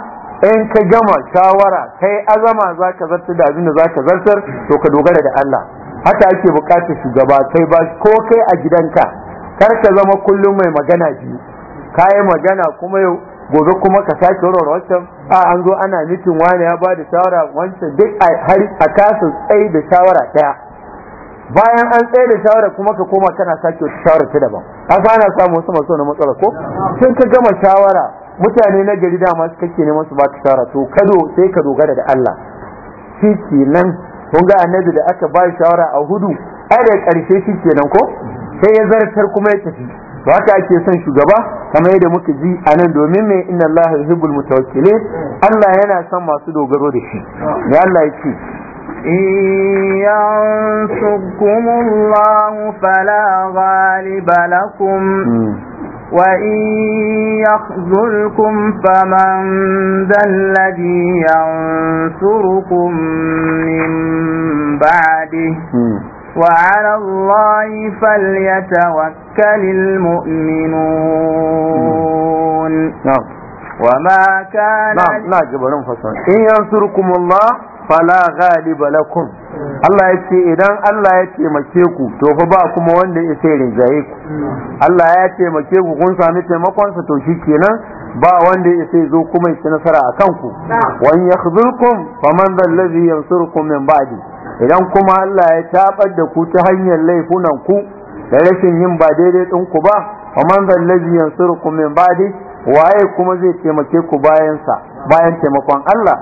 in ka gama shawara kai azama zaka zartar da abin da zaka zartar to ka dogara da Allah haka ake bukatar shugaba kai ba ko kai a gidanka kar ka zama kullum mai magana biyu kai magana kuma yau gobe kuma ka sake warware wancan a an zo ana mitin wani ya ba da shawara wancan duk har a kasa tsaye da shawara daya bayan an tsaye da shawara kuma ka koma kana sake wata shawara ta daban an ana samu wasu masu wani matsala ko sun ka gama shawara mutane na gari dama su kake neman su baka shawara to kado sai ka dogara da Allah shi kenan kun ga annabi da aka ba shawara a hudu ai da karshe shi kenan ko sai ya zartar kuma ya tafi to haka ake son shugaba kamar yadda muka ji a nan domin mai inna Allah yuhibbul mutawakkilin Allah yana son masu dogaro da shi ya Allah ya ce إن ينصركم الله فلا غالب لكم وإن يخذلكم فمن ذا الذي ينصركم من بعده وعلى الله فليتوكل المؤمنون نعم وما كان نعم نعم إن ينصركم الله fala ghaliba lakum Allah ya ce idan Allah ya taimake ku to fa ba kuma wanda ya sai rinjaye ku Allah ya taimake ku kun sami taimakon sa to shikenan ba wanda ya sai zo kuma ya nasara a kanku wan yakhzulkum faman dhal ladhi yansurukum min ba'di idan kuma Allah ya tabar da ku ta hanyar laifunan ku da rashin yin ba daidai din ku ba faman dhal ladhi yansurukum min ba'di waye kuma zai taimake ku bayan sa bayan taimakon Allah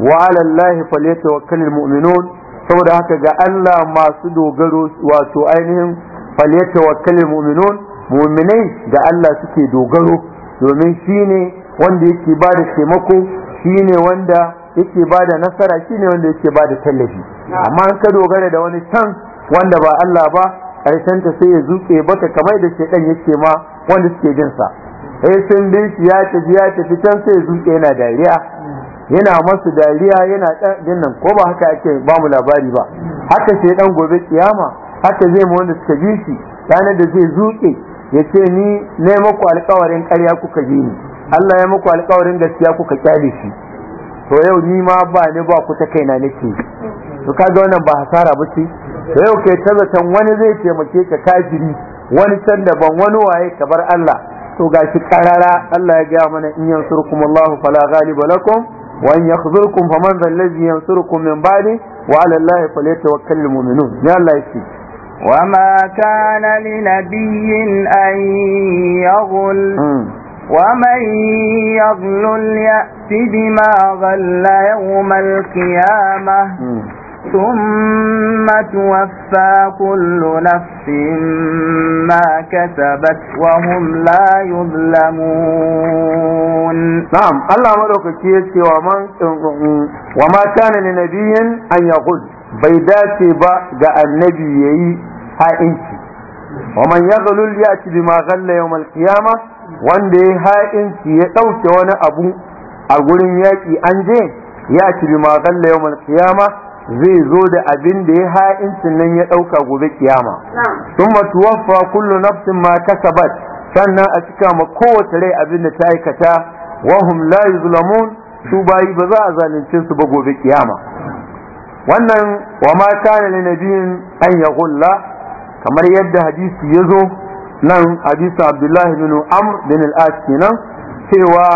wa ala allahi falyatawakkalul mu'minun saboda haka ga Allah masu dogaro wato ainihin falyatawakkalul mu'minun mu'minai da Allah suke dogaro domin shine wanda yake ba da taimako shine wanda yake ba da nasara shine wanda yake ba da tallafi amma an ka dogara da wani can wanda ba Allah ba ta sai ya zuke baka kamar da shedan yake ma wanda suke jin sa eh sun ya tafi ya tafi sai zuke yana dariya yana masu dariya yana ɗan nan ko ba haka ake ba mu labari ba haka sai dan gobe kiyama haka zai mu wanda suka bi shi ranar da zai zuke ya ce ni ne maku alkawarin ƙarya kuka bi ni Allah ya maku alkawarin gaskiya kuka kyale shi to yau ni ma ba ni ba ku ta kaina nake to kaga wannan ba hasara ba ce to yau kai tabbatan wani zai taimake ka kafiri wani can ban wani waye ka bar Allah to gashi karara Allah ya gaya mana in yansurkum Allahu fala ghaliba lakum wa in yakhzurkum faman dhal ladhi yansurukum min ba'di wa 'ala allahi falyatawakkalul mu'minun ya Allah yake وما كان لنبي أن يغل ومن يغل يأت بما غل يوم القيامة م. ثم توفى كل نفس ما كسبت وهم لا يظلمون نعم الله ملوك كيسي ومن وما كان لنبي أن يقول بيدات با جاء النبي يي هائنتي ومن يغلل يأتي بما غل يوم القيامة wanda ya ha'inci ya ɗauke wani abu a gurin yaƙi an je ya ci zai zo da abin da ya ha'incin nan ya ɗauka gobe kiyama sun wafa kullu nafsin ma kasabat sannan a cika ma kowace rai abin da ta aikata wahum la yuzlamun su bayi ba za a zalunce su ba gobe kiyama wannan wa ma kana li nabiyin an yaghulla kamar yadda hadisi ya zo nan hadisin abdullahi bin amr bin al-as kenan cewa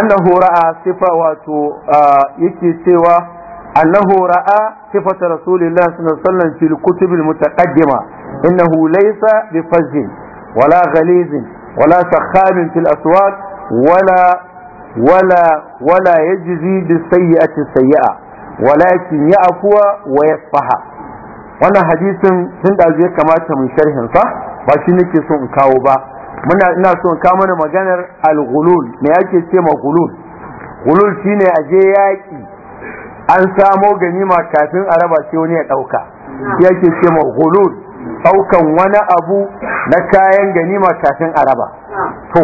annahu ra'a sifa wato yake cewa أنه رأى صفة رسول الله صلى الله عليه وسلم في الكتب المتقدمة إنه ليس بفز ولا غليظ ولا سخام في الأسواق ولا ولا ولا يجزي بالسيئة السيئة ولكن يعفو ويصفح wannan hadisin tun da ya kamata mu sharhin sa ba shi nake so in kawo ba muna ina so in kawo mana maganar al-ghulul me ake ce ma ghulul ghulul shine aje yaki an samo ganima kafin a raba shi wani ya ɗauka Ya yake ce ma hulul ɗaukan wani abu na kayan ganima kafin a raba to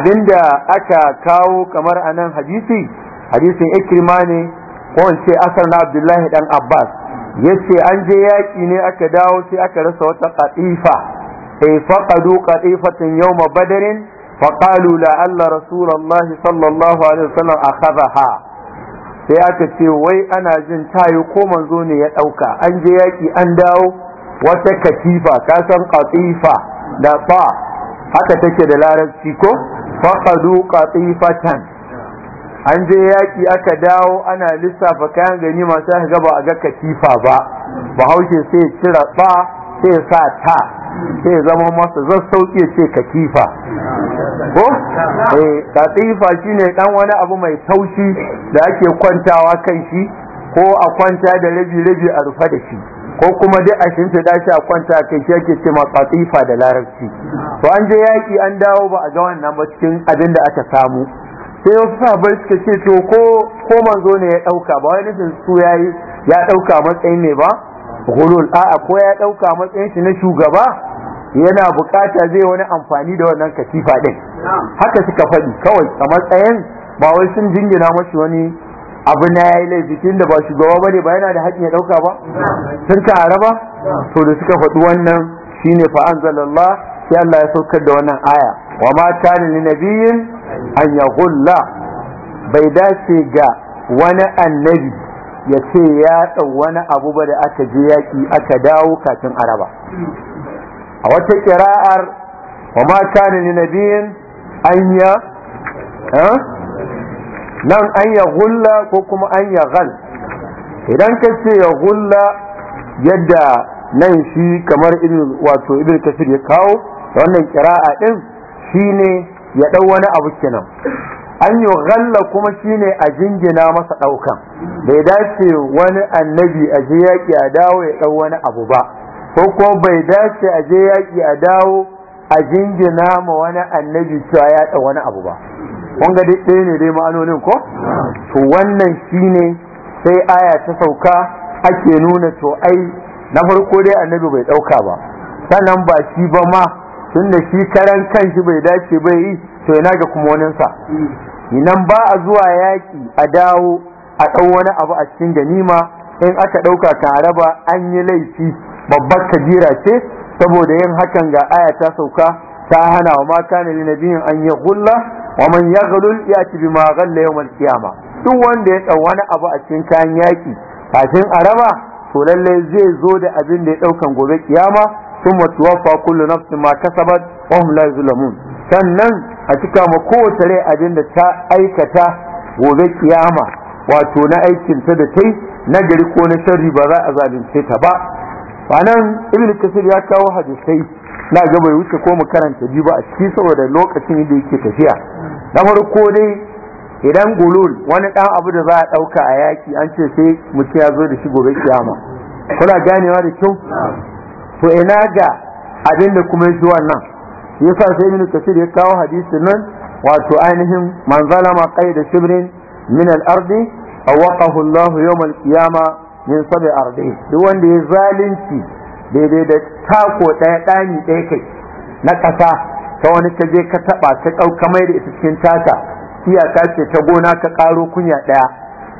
abinda aka kawo kamar a nan hadisi hadisin ikrima ne ko ce asar na abdullahi dan abbas ya ce an je yaƙi ne aka dawo sai aka rasa wata ƙa'ifa ai eh, faƙadu ƙa'ifatin yau mabadarin faƙalu la'alla rasulallahi sallallahu alaihi wasallam a ha. sai aka ce wai ana jin tayo ko manzo ne ya ɗauka an je yaƙi an dawo wata katifa ka san katifa da fa haka take da larabci ko faqadu qatifatan an je yaƙi aka dawo ana lissafa kayan gani masu aka ba a ga katifa ba bahaushe sai cira ba sai sa ta sai zama masa zan sauke ce katifa ko eh katifa shine dan wani abu mai taushi da ake kwantawa kan shi ko a kwanta da rabi rabi a rufe da shi ko kuma dai a shinta da shi a kwanta a kai shi ake ce ma katifa da larabci to an je yaki an dawo ba a ga wannan ba cikin abin da aka samu sai wasu sabai suka ce to ko ko manzo ne ya dauka ba wai nufin su yayi ya dauka matsayin ne ba hulul a'a ko ya ɗauka matsayin shi na shugaba yana bukata zai wani amfani da wannan katifa ɗin haka suka faɗi kawai a matsayin ba wai sun jingina mashi wani abu na yayi laifi tun da ba shugaba ba ne ba yana da haƙƙin ya ɗauka ba sun tare ba to da suka faɗi wannan shine fa anzalallah sai Allah ya saukar da wannan aya wa ma kana linabiyin an yaghulla bai dace ga wani annabi ya ce ya ɗau wani abu ba da aka je yaƙi aka dawo kafin araba a wata ƙira'ar wa ma kana ni nabiyin anya nan an ya gulla ko kuma an ya gal idan ka ce ya gulla yadda nan shi kamar wato ibn kasir ya kawo da wannan ƙira'a ɗin ne ya ɗau wani abu kenan an yi ghalla kuma shine a jingina masa ɗaukan bai dace wani annabi a je yaƙi a dawo ya ɗau wani abu ba ko ko bai dace a je yaƙi a dawo a jingina ma wani annabi cewa ya ɗau wani abu ba kun ga dai ɗaya ne dai ma'anonin ko to wannan shine sai aya ta sauka ake nuna to ai na farko dai annabi bai ɗauka ba sannan ba shi ba ma Tun da shi karan shi bai dace bai yi to yana ga kuma waninsa inan ba a zuwa yaƙi a dawo a ɗau wani abu a cikin ganima in aka ɗauka tare araba an yi laifi babbar kabira ce saboda yin hakan ga aya ta sauka ta hana wa mata na nabiyin an yi gulla wa man ya galul ya ci bi magalla yau kiyama duk wanda ya ɗau wani abu a cikin kayan yaƙi kafin araba to lallai zai zo da abin da ya ɗaukan gobe kiyama ثم توفى كل نفس ما كسبت وهم لا يظلمون sannan a cika ma kowace rai abin da ta aikata gobe kiyama wato na aikin ta da ta yi na gari ko na sharri ba za a zalunce ta ba anan ibn kasir ya kawo hadisai na ga bai wuce ko mu karanta biyu ba a ciki saboda lokacin da yake tafiya na farko dai idan gulul wani dan abu da za a dauka a yaki an ce sai mutum ya zo da shi gobe kiyama kuna ganewa da kyau to ina ga abin da kuma yake wannan yasa sai ibn kasir ya kawo hadisin nan wato ainihin man zalama da shibrin min al-ardi awqahu Allah yawm al-qiyama min sabi ardi duk wanda ya zalunci daidai da tako daya dani daya kai na kasa ta wani kaje je ka taba ka dauka mai da ita cikin tata iyaka ce ta gona ka karo kunya daya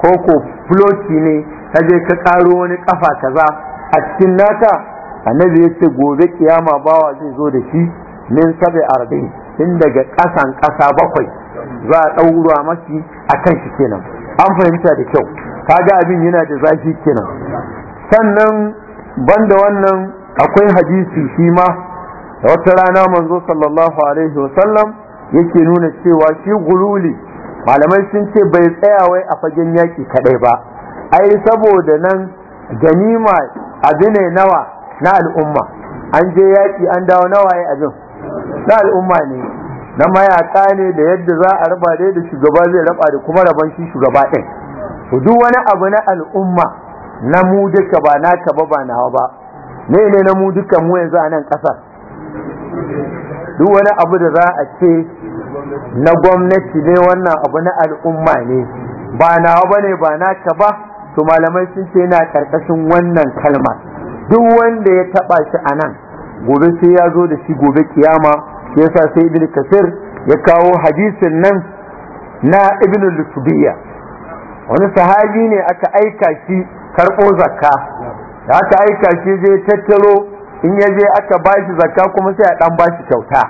ko ko floti ne ta je ka karo wani kafa kaza a cikin nata annabi ya ce gobe kiyama bawa zai zo da shi min sabi arba'in tun daga ƙasan ƙasa bakwai za a ɗaura maki a kan shi kenan an fahimta da kyau kaga abin yana da zafi kenan sannan banda wannan akwai hadisi shi ma da wata rana manzo sallallahu alaihi wasallam yake nuna cewa shi gululi malamai sun ce bai tsaya wai a fagen yaki kaɗai ba ai saboda nan ganima abu ne nawa na al'umma an je yaƙi an dawo na waye abin na al'umma ne na mayaƙa ne da yadda za a raba dai da shugaba zai raba da kuma raban shi shugaba ɗin to duk wani abu na al'umma na mu duka ba na ka ba ba na ba ne ne na mu duka mu yanzu a nan ƙasar duk wani abu da za a ce na gwamnati ne wannan abu na al'umma ne ba na ba ne ba ka ba to malamai sun ce na ƙarƙashin wannan kalmar duk wanda ya taba shi a nan gobe sai ya zo da shi gobe kiyama shi yasa sai ibn kasir ya kawo hadisin nan na ibn lutubiya wani sahabi ne aka aika shi karɓo zakka da aka aika shi zai tattaro in ya je aka ba shi zakka kuma sai a ɗan ba shi kyauta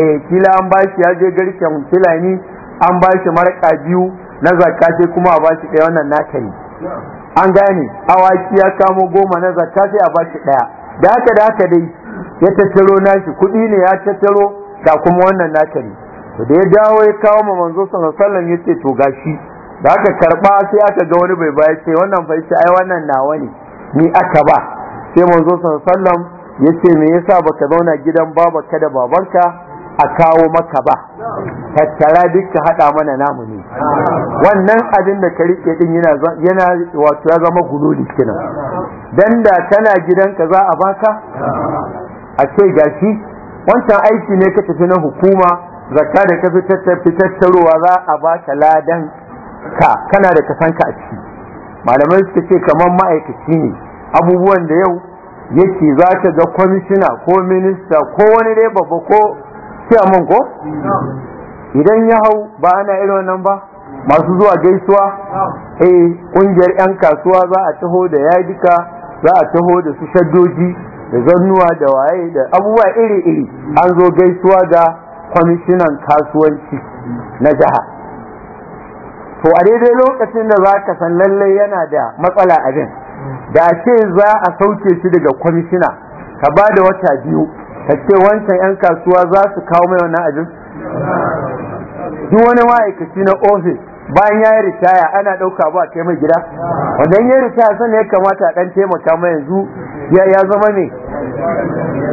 eh kila an ba shi ya je garken filani an ba shi biyu na zakka sai kuma a ba shi ɗaya wannan naka ne an gane awaki ya kamo goma na zakka sai a bashi ɗaya da haka da haka dai ya tattaro nashi kuɗi ne ya tattaro da kuma wannan naka ne to da ya dawo ya kawo ma manzo sallallahu alaihi ya to gashi da aka karba sai aka ga wani bai bayar sai wannan fa yace ai wannan nawa ne ni aka ba sai manzo sallallahu alaihi me yasa baka zauna gidan babarka da babarka a kawo maka ba tattara duka hada haɗa mana namu ne wannan abin da ka rike din yana yana wato ya zama gululi kenan dan da kana gidanka za a baka a ce gashi wancan aiki ne ka tafi na hukuma zakka da ka tattarowa za a baka ladan ka kana da kasanka a ciki malamai suka ce kamar ma'aikaci ne abubuwan da yau yake za ta ga kwamishina ko minista ko wani dai babba ko ciyaman ko idan ya hau ba ana irin wannan ba masu zuwa gaisuwa eh kungiyar yan kasuwa za a taho da yadika za a taho da su shaddoji da zannuwa da waye da abubuwa iri iri an zo gaisuwa da kwamishinan kasuwanci na jiha to a daidai lokacin da za ka san lallai yana da matsala abin da ce za a sauke shi daga kwamishina ka ba da wata biyu ka ce wancan 'yan kasuwa za su kawo mai wannan abin duk wani ma'aikaci na ofis bayan ya yi ritaya ana ɗauka ba kai mai gida wannan ya yi ritaya sannan ya kamata a ɗan taimaka mai yanzu ya zama ne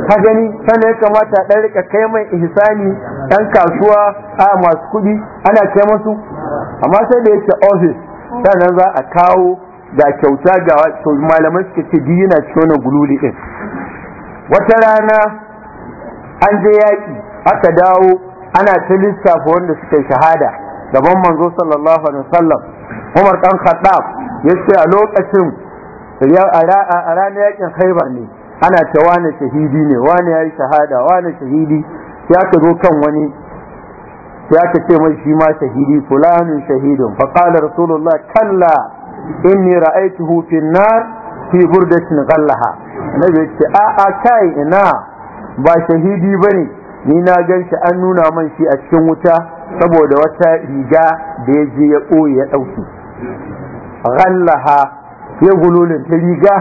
ka gani sannan ya kamata a ɗan rika kai mai ihsani ɗan kasuwa a masu kuɗi ana kai masu amma sai da yake ofis sannan za a kawo da kyauta ga malaman suka ce biyu na cikin wani gululi ɗin wata rana an je yaki, aka dawo ana ta lissafa wanda suka yi shahada gaban manzo sallallahu alaihi wasallam Umar dan Khattab yace a lokacin a ranar yakin Khaibar ne ana ta wani shahidi ne wani yayi shahada wani shahidi ya ka zo kan wani ya ka ce mai shi ma shahidi fulani shahidun fa qala rasulullah kalla inni ra'aytuhu fi an-nar fi burdatin qallaha nabi yace a a kai ina ba shahidi ba ne. ni na gan shi an nuna man shi a cikin wuta saboda wata riga da ya je ya ɓoye ya ɗauki ghallaha ya gululin ta riga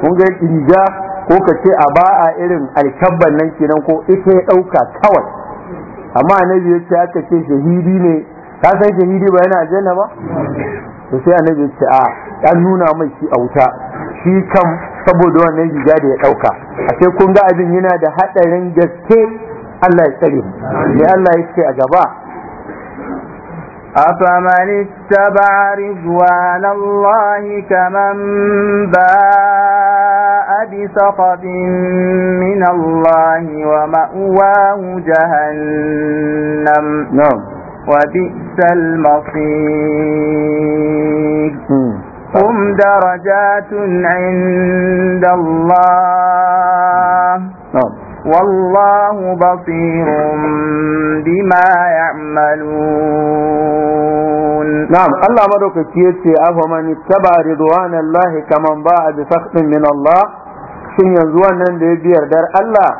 kun ga riga ko ka ce a ba a irin alkabban nan kenan ko ita ya ɗauka kawai amma annabi ya ce aka ce shahidi ne ka san shahidi ba yana aljanna ba to sai annabi ya ce a an nuna mai shi a wuta shi kan saboda wannan riga da ya ɗauka a sai kun ga abin yana da haɗarin gaske Allah ya tsare ne Allah ya ce a gaba أفمن اتبع رضوان الله كمن باء بسخط من الله ومأواه جهنم نعم وبئس المصير هم درجات عند الله والله بصير بما يعملون نعم الله مدوك كيتي أفمن اتبع رضوان الله كمن باع بسخط من الله shin yanzu wannan da ya bi yardar Allah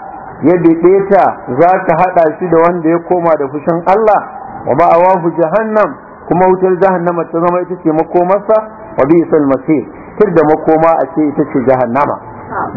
ya biɗe ta za ta haɗa shi da wanda ya koma da fushin Allah wa ma'awahu jahannam kuma wutar jahannama ta zama ita ce makomarsa wa bisal masir kir da makoma a ce ita ce jahannama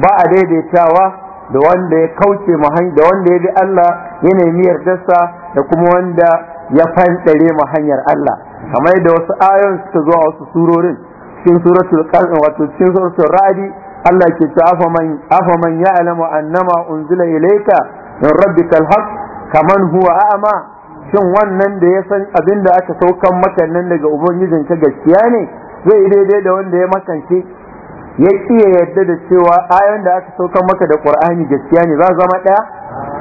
ba a daidaitawa da wanda ya kauce mahan da wanda ya bi Allah ya miyar dasa da kuma wanda ya fantsare ma hanyar Allah kamar da wasu ayoyin suka zo a wasu surorin cikin suratul qalb wato cikin suratul ra'di Allah ke ce afaman afaman ya'lamu annama unzila ilayka min rabbika alhaq kaman huwa a'ma shin wannan da ya san abin aka saukan maka nan daga ubangijinka gaskiya ne zai yi daidai da wanda ya makance ya iya yarda da cewa ayon da aka sauka maka da qur'ani gaskiya ne za zama ɗaya.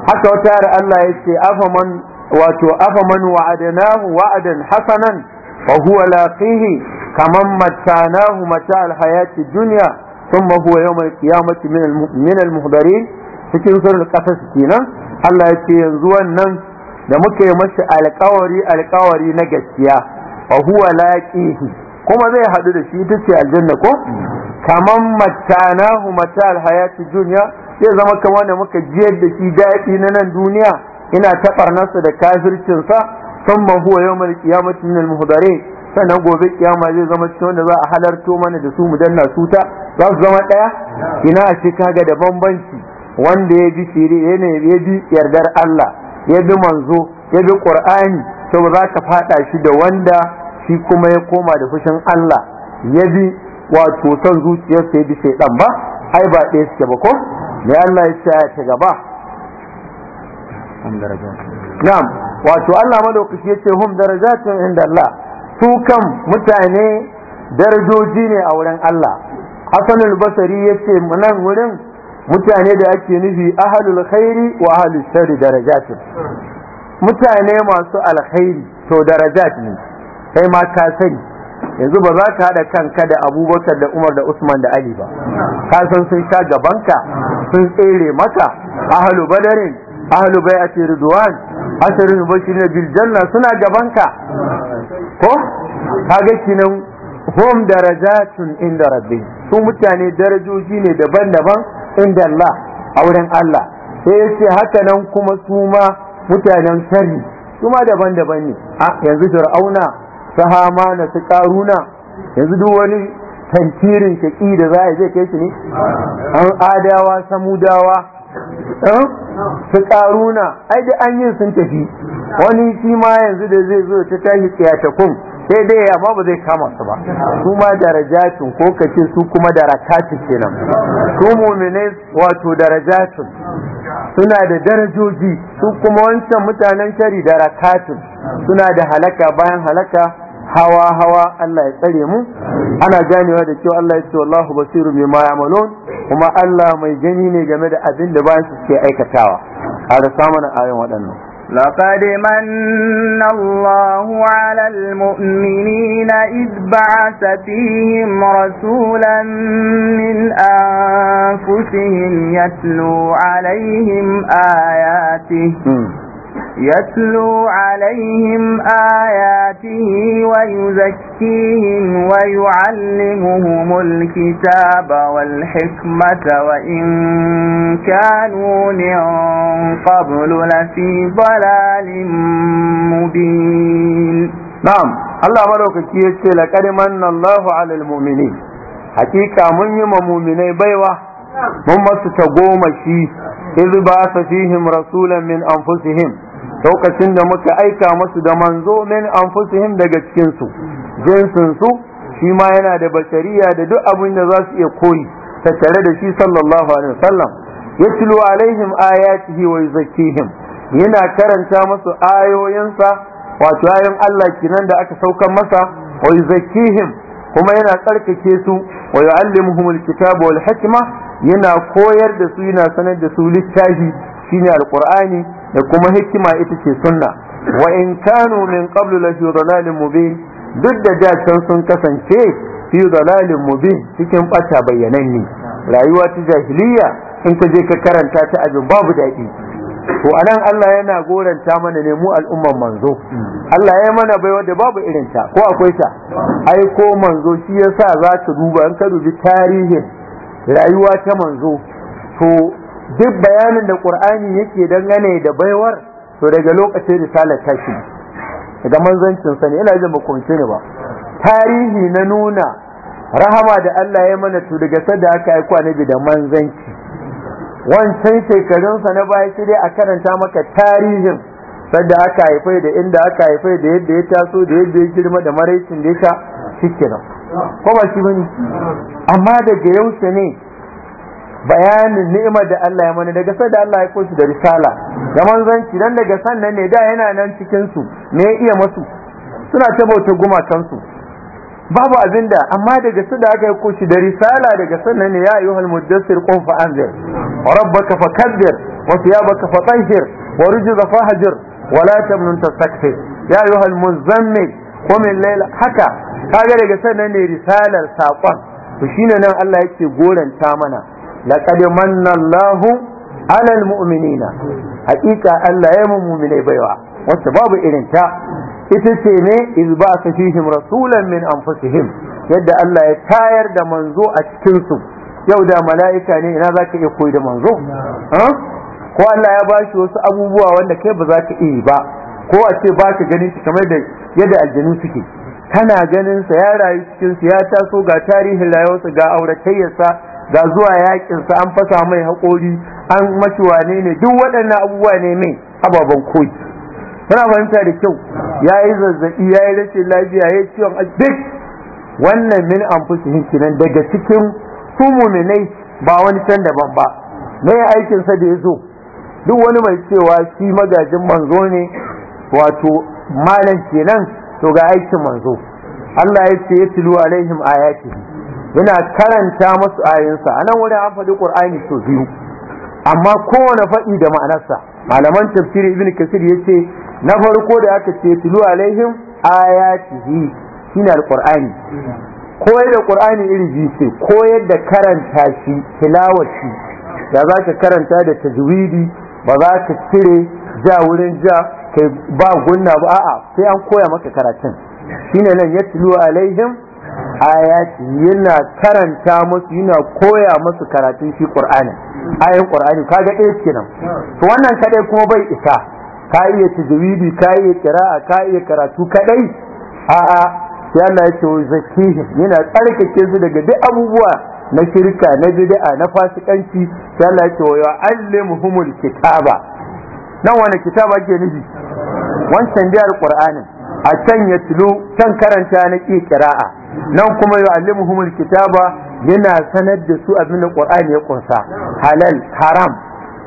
haka wata yar Allah ya ce afaman wato afaman wa'adnahu wa'adan hasanan fa huwa laqihi kaman mattanahu mata alhayati dunya thumma huwa yawm alqiyamati min min almuhdarin cikin surar qasas kenan Allah ya ce yanzu wannan da muka yi mashi alkawari alkawari na gaskiya fa huwa laqihi kuma zai haɗu da shi ita ce aljanna ko kaman matana hu matal hayati duniya zai zama kamar da muka jiyar da shi daɗi na nan duniya ina taɓarnarsa da kafircinsa sun man huwa yau mai kiyamati min sannan gobe kiyama zai zama cikin wanda za a halarto mana da su mu danna su za su zama ɗaya ina a cika ga da bambanci wanda ya bi shiri ya bi yardar Allah ya bi manzo ya bi Qur'ani to ba za ka faɗa shi da wanda shi kuma ya koma da fushin Allah ya bi wato son zuciyar sai bi sai ba ai ba ɗaya suke ba ko ne Allah ya tsaya ta gaba na'am wato Allah madaukaki ya ce hum darajatun inda Allah su kan mutane darajoji ne a wurin Allah Hassanul Basari ya ce nan wurin mutane da ake nufi ahalul khairi wa ahalul shari darajatun mutane masu alkhairi to darajat ne kai ma ka sani yanzu ba za ka haɗa kanka da abubakar da umar da usman da ali ba ka san sun sha gabanka sun tsere maka ahalu badarin ahalu bai a ridwan asirin bashirin na biljanna suna gabanka ko ka ga kinan hum darajatun inda rabbi su mutane darajoji ne daban-daban inda Allah a wurin Allah sai ya ce haka nan kuma su ma mutanen sharri su ma daban-daban ne a yanzu fir'auna su na su karuna yanzu duk wani tantirin shaƙi da za a zai kai shi ne an adawa samudawa eh? su karuna ai da an yi sun tafi wani shi ma yanzu da zai zo ta tashi tsiyatakun sai dai amma ba zai kama su ba su ma darajatun ko kace su kuma darakatun kenan su muminai wato darajatun suna da darajoji su kuma wancan mutanen shari da rakatun suna da halaka bayan halaka hawa hawa Allah ya tsare mu ana ganewa da cewa Allah ya ce wallahu basiru bima ya'malun kuma Allah mai gani ne game da abin da bayan su ke aikatawa a da samun ayon waɗannan لقد من الله على المؤمنين إذ بعث فيهم رسولا من أنفسهم يتلو عليهم آياته يتلو عليهم آياته ويزكيهم ويعلمهم الكتاب والحكمة وإن كانوا من قبل لفي ضلال مبين نعم الله ملوك كيتي لقد من الله على المؤمنين حقيقة من يوم مؤمنين بيوة من مستقوم شيء إذ بعث فيهم رسولا من أنفسهم lokacin da muka aika masu da manzo min anfusihim daga cikin su jinsin su shi ma yana da bashariya da duk abin da za su iya koyi tattare da shi sallallahu alaihi wasallam yatlu alaihim ayatihi wa yuzakkihim yana karanta musu ayoyinsa wato ayoyin Allah kinan da aka saukan masa wa yuzakkihim kuma yana tsarkake su wa yu'allimuhum alkitaba wal hikma yana koyar da su yana sanar da su littafi shine alqur'ani da kuma hikima ita ce sunna wa in kanu min qablu la fi dalalin mubin duk da da can sun kasance fi dalalin mubin cikin bata ne. rayuwa ta jahiliya in ka je ka karanta ta abin babu daɗi to anan Allah yana goranta mana ne mu al'umman manzo Allah ya mana baiwa da babu irin ta ko akwai ta ai ko manzo shi yasa za ka duba in ka dubi tarihin rayuwa ta manzo to duk bayanin da qur'ani yake dangane da baiwar to daga lokacin risalar tashi daga manzancin sa ne ina jin bakunce ne ba tarihi na nuna rahama da Allah ya mana to daga sada aka na bi da manzanci wancan shekarun sa na baya sai dai a karanta maka tarihin sada aka haifai da inda aka haifai da yadda ya taso da yadda ya girma da maraicin da ya sha shikenan ko ba shi bane amma daga yaushe ne bayanin ni'imar da Allah ya mana daga sanda Allah ya koshi da risala da manzanci dan daga sannan ne da yana nan cikin su me ya iya masu suna ta bauta gumakan su babu abinda amma daga sanda aka yi koshi da risala daga sannan ne ya ayyuhal mudassir qum fa anzir rabbaka fakabbir wa thiyabaka fatahhir wa rujza fahjir wa la tamnun tastakbir ya ayyuhal muzammil qum al-layla haka kaga daga sannan ne risalar saƙon to shine nan Allah yake goranta mana laqad manna Allahu ala almu'minina Allah ya mun mu'minai baiwa wacce babu irin ta ita ce ne iz ba'atha fihim rasulan min anfusihim yadda Allah ya tayar da manzo a cikin su yau da mala'ika ne ina zaka iya koyi da manzo ko Allah ya bashi wasu abubuwa wanda kai ba za ka iya ba ko a ce ba ka ganin shi kamar da yadda aljanu suke kana ganin sa ya rayu cikin su ya taso ga tarihin rayuwarsa ga auratayyarsa ga zuwa yakin sa an fasa mai haƙori an mace wane ne duk waɗannan abubuwa ne mai ababen koyi muna fahimta da kyau ya yi zazzaɓi ya yi rashin lafiya ya yi ciwon duk wannan min an fusihin kinan. daga cikin su muminai ba wani can daban ba na yi aikinsa da ya zo duk wani mai cewa shi magajin manzo ne wato malam kenan to ga aikin manzo Allah ya ce ya tilu alaihim ayatihi yana karanta masu ayinsa a nan wurin an faɗi ƙur'ani sau biyu amma kowane faɗi da ma'anarsa malaman tafsiri ibn kasir ya ce na farko da aka ce tilu alaihim ayatihi shine alqur'ani koyar da qur'ani iri biyu ce koyar da karanta shi tilawar shi da za ka karanta da tajwidi ba za ka cire ja wurin ja kai ba gunna ba a'a sai an koya maka karatun shine nan ya tilu alaihim ayati yana karanta musu yana koya musu karatun shi qur'ani ayin qur'ani kaga ɗaya kenan to wannan kadai kuma bai isa ka iya tajwidi ka iya qira'a ka iya karatu kadai a'a sai Allah ya ce zakihim yana tsarkake su daga duk abubuwa na shirka na bid'a na fasikanci sai Allah ya ce wa kitaba nan wani kitaba ke nufi wancan biyar qur'anin a can ya tilo can karanta na ƙi ƙira'a nan kuma ya alimuhumul kitaba yana sanar da su abin da ƙur'ani ya ƙunsa halal haram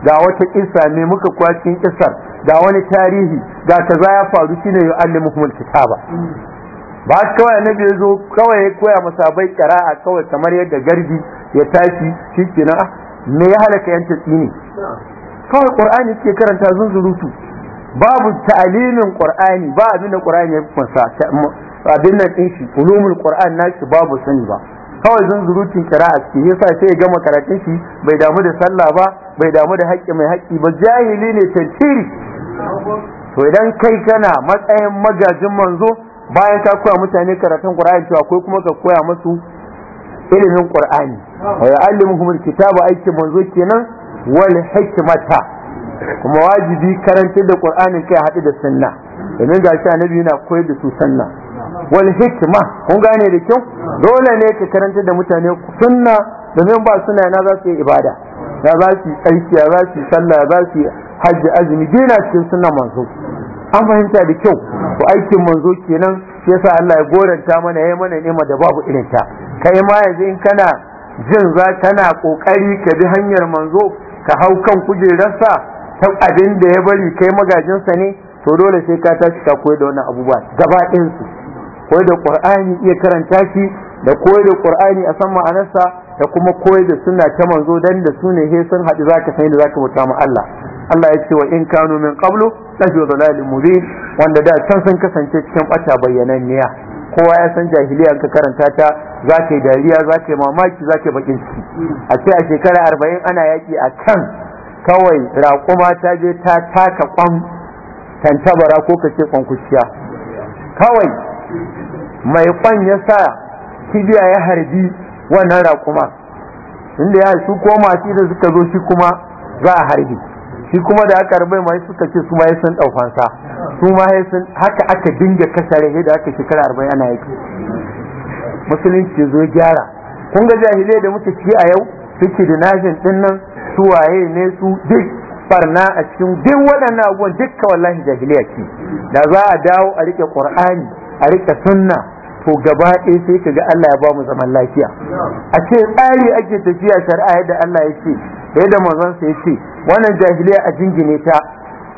ga wata kissa ne muka cikin kissar ga wani tarihi ga kaza ya faru shine ya alimuhumul kitaba ba kawai annabi ya zo kawai ya koya masabai ƙira'a kawai kamar yadda garbi ya tashi shikenan ah, me ya halaka yan kawai ƙur'ani ke karanta zunzurutu babu ta'alimin qur'ani ba abin da qur'ani ya kunsa abin nan din shi ulumul qur'an nashi babu sani ba kawai zan zurutin qira'a shi yasa sai ya gama karatun shi bai damu da sallah ba bai damu da haƙƙi mai haƙƙi ba jahili ne tantiri to idan kai kana matsayin magajin manzo bayan ka koya mutane karatun qur'ani to akwai kuma ka koya musu ilimin qur'ani wa ya'allimuhumul kitaba aikin manzo kenan wal hikmata kuma wajibi karantar da qur'anin kai haɗu da sunna domin ga shi annabi yana koyar da su sunna wal hikma kun gane da kyau dole ne ka karantar da mutane sunna domin ba suna yana za su yi ibada ya za su yi tsarki za su yi sallah za su yi hajji azumi dina cikin sunna manzo an fahimta da kyau ko aikin manzo kenan shi yasa Allah ya goranta mana yayi mana nema da babu irin ta kai ma yanzu in kana jin za kana kokari ka bi hanyar manzo ka hau kan kujerarsa ta abin da ya bari kai magajinsa ne to dole sai ka tashi ka koyar da wannan abubuwa gaba ɗinsu ko da qur'ani iya karanta shi da koyar da qur'ani a san ma'anarsa da kuma koyar da sunna ta manzo dan da su ne he sun haɗu zaka san da zaka bauta Allah Allah ya ce wa in kanu min qablu la fi dhalalin mubin wanda da can sun kasance cikin bata bayyananniya kowa ya san jahiliya ka karanta ta za ka yi dariya za ka yi mamaki za ka yi bakin ciki a ce a shekara arba'in ana yaki a kan kawai raƙuma ta je ta taka ƙwan tantabara ko kace kuciya. kawai mai ƙwan ya sa kibiya ya harbi wannan raƙuma inda ya su ko masu da suka zo shi kuma za a harbi shi kuma da aka harbai mai suka ce su ma sun ɗaufansa su ma sun haka aka dinga kashe da aka shekara arba'in ana yaki musulunci zo gyara kun ga jahilai da muke ci a yau suke da nashin ɗin su waye ne su duk barna a cikin duk waɗannan abubuwan dukkan wallahi jahiliya ce da za a dawo a riƙe qur'ani a rike sunna to gaba ɗaya sai ga Allah ya ba mu zaman lafiya a ce tsari ake tafiya shari'a yadda Allah ya ce yadda manzon sa ya ce wannan jahiliya a jingine ta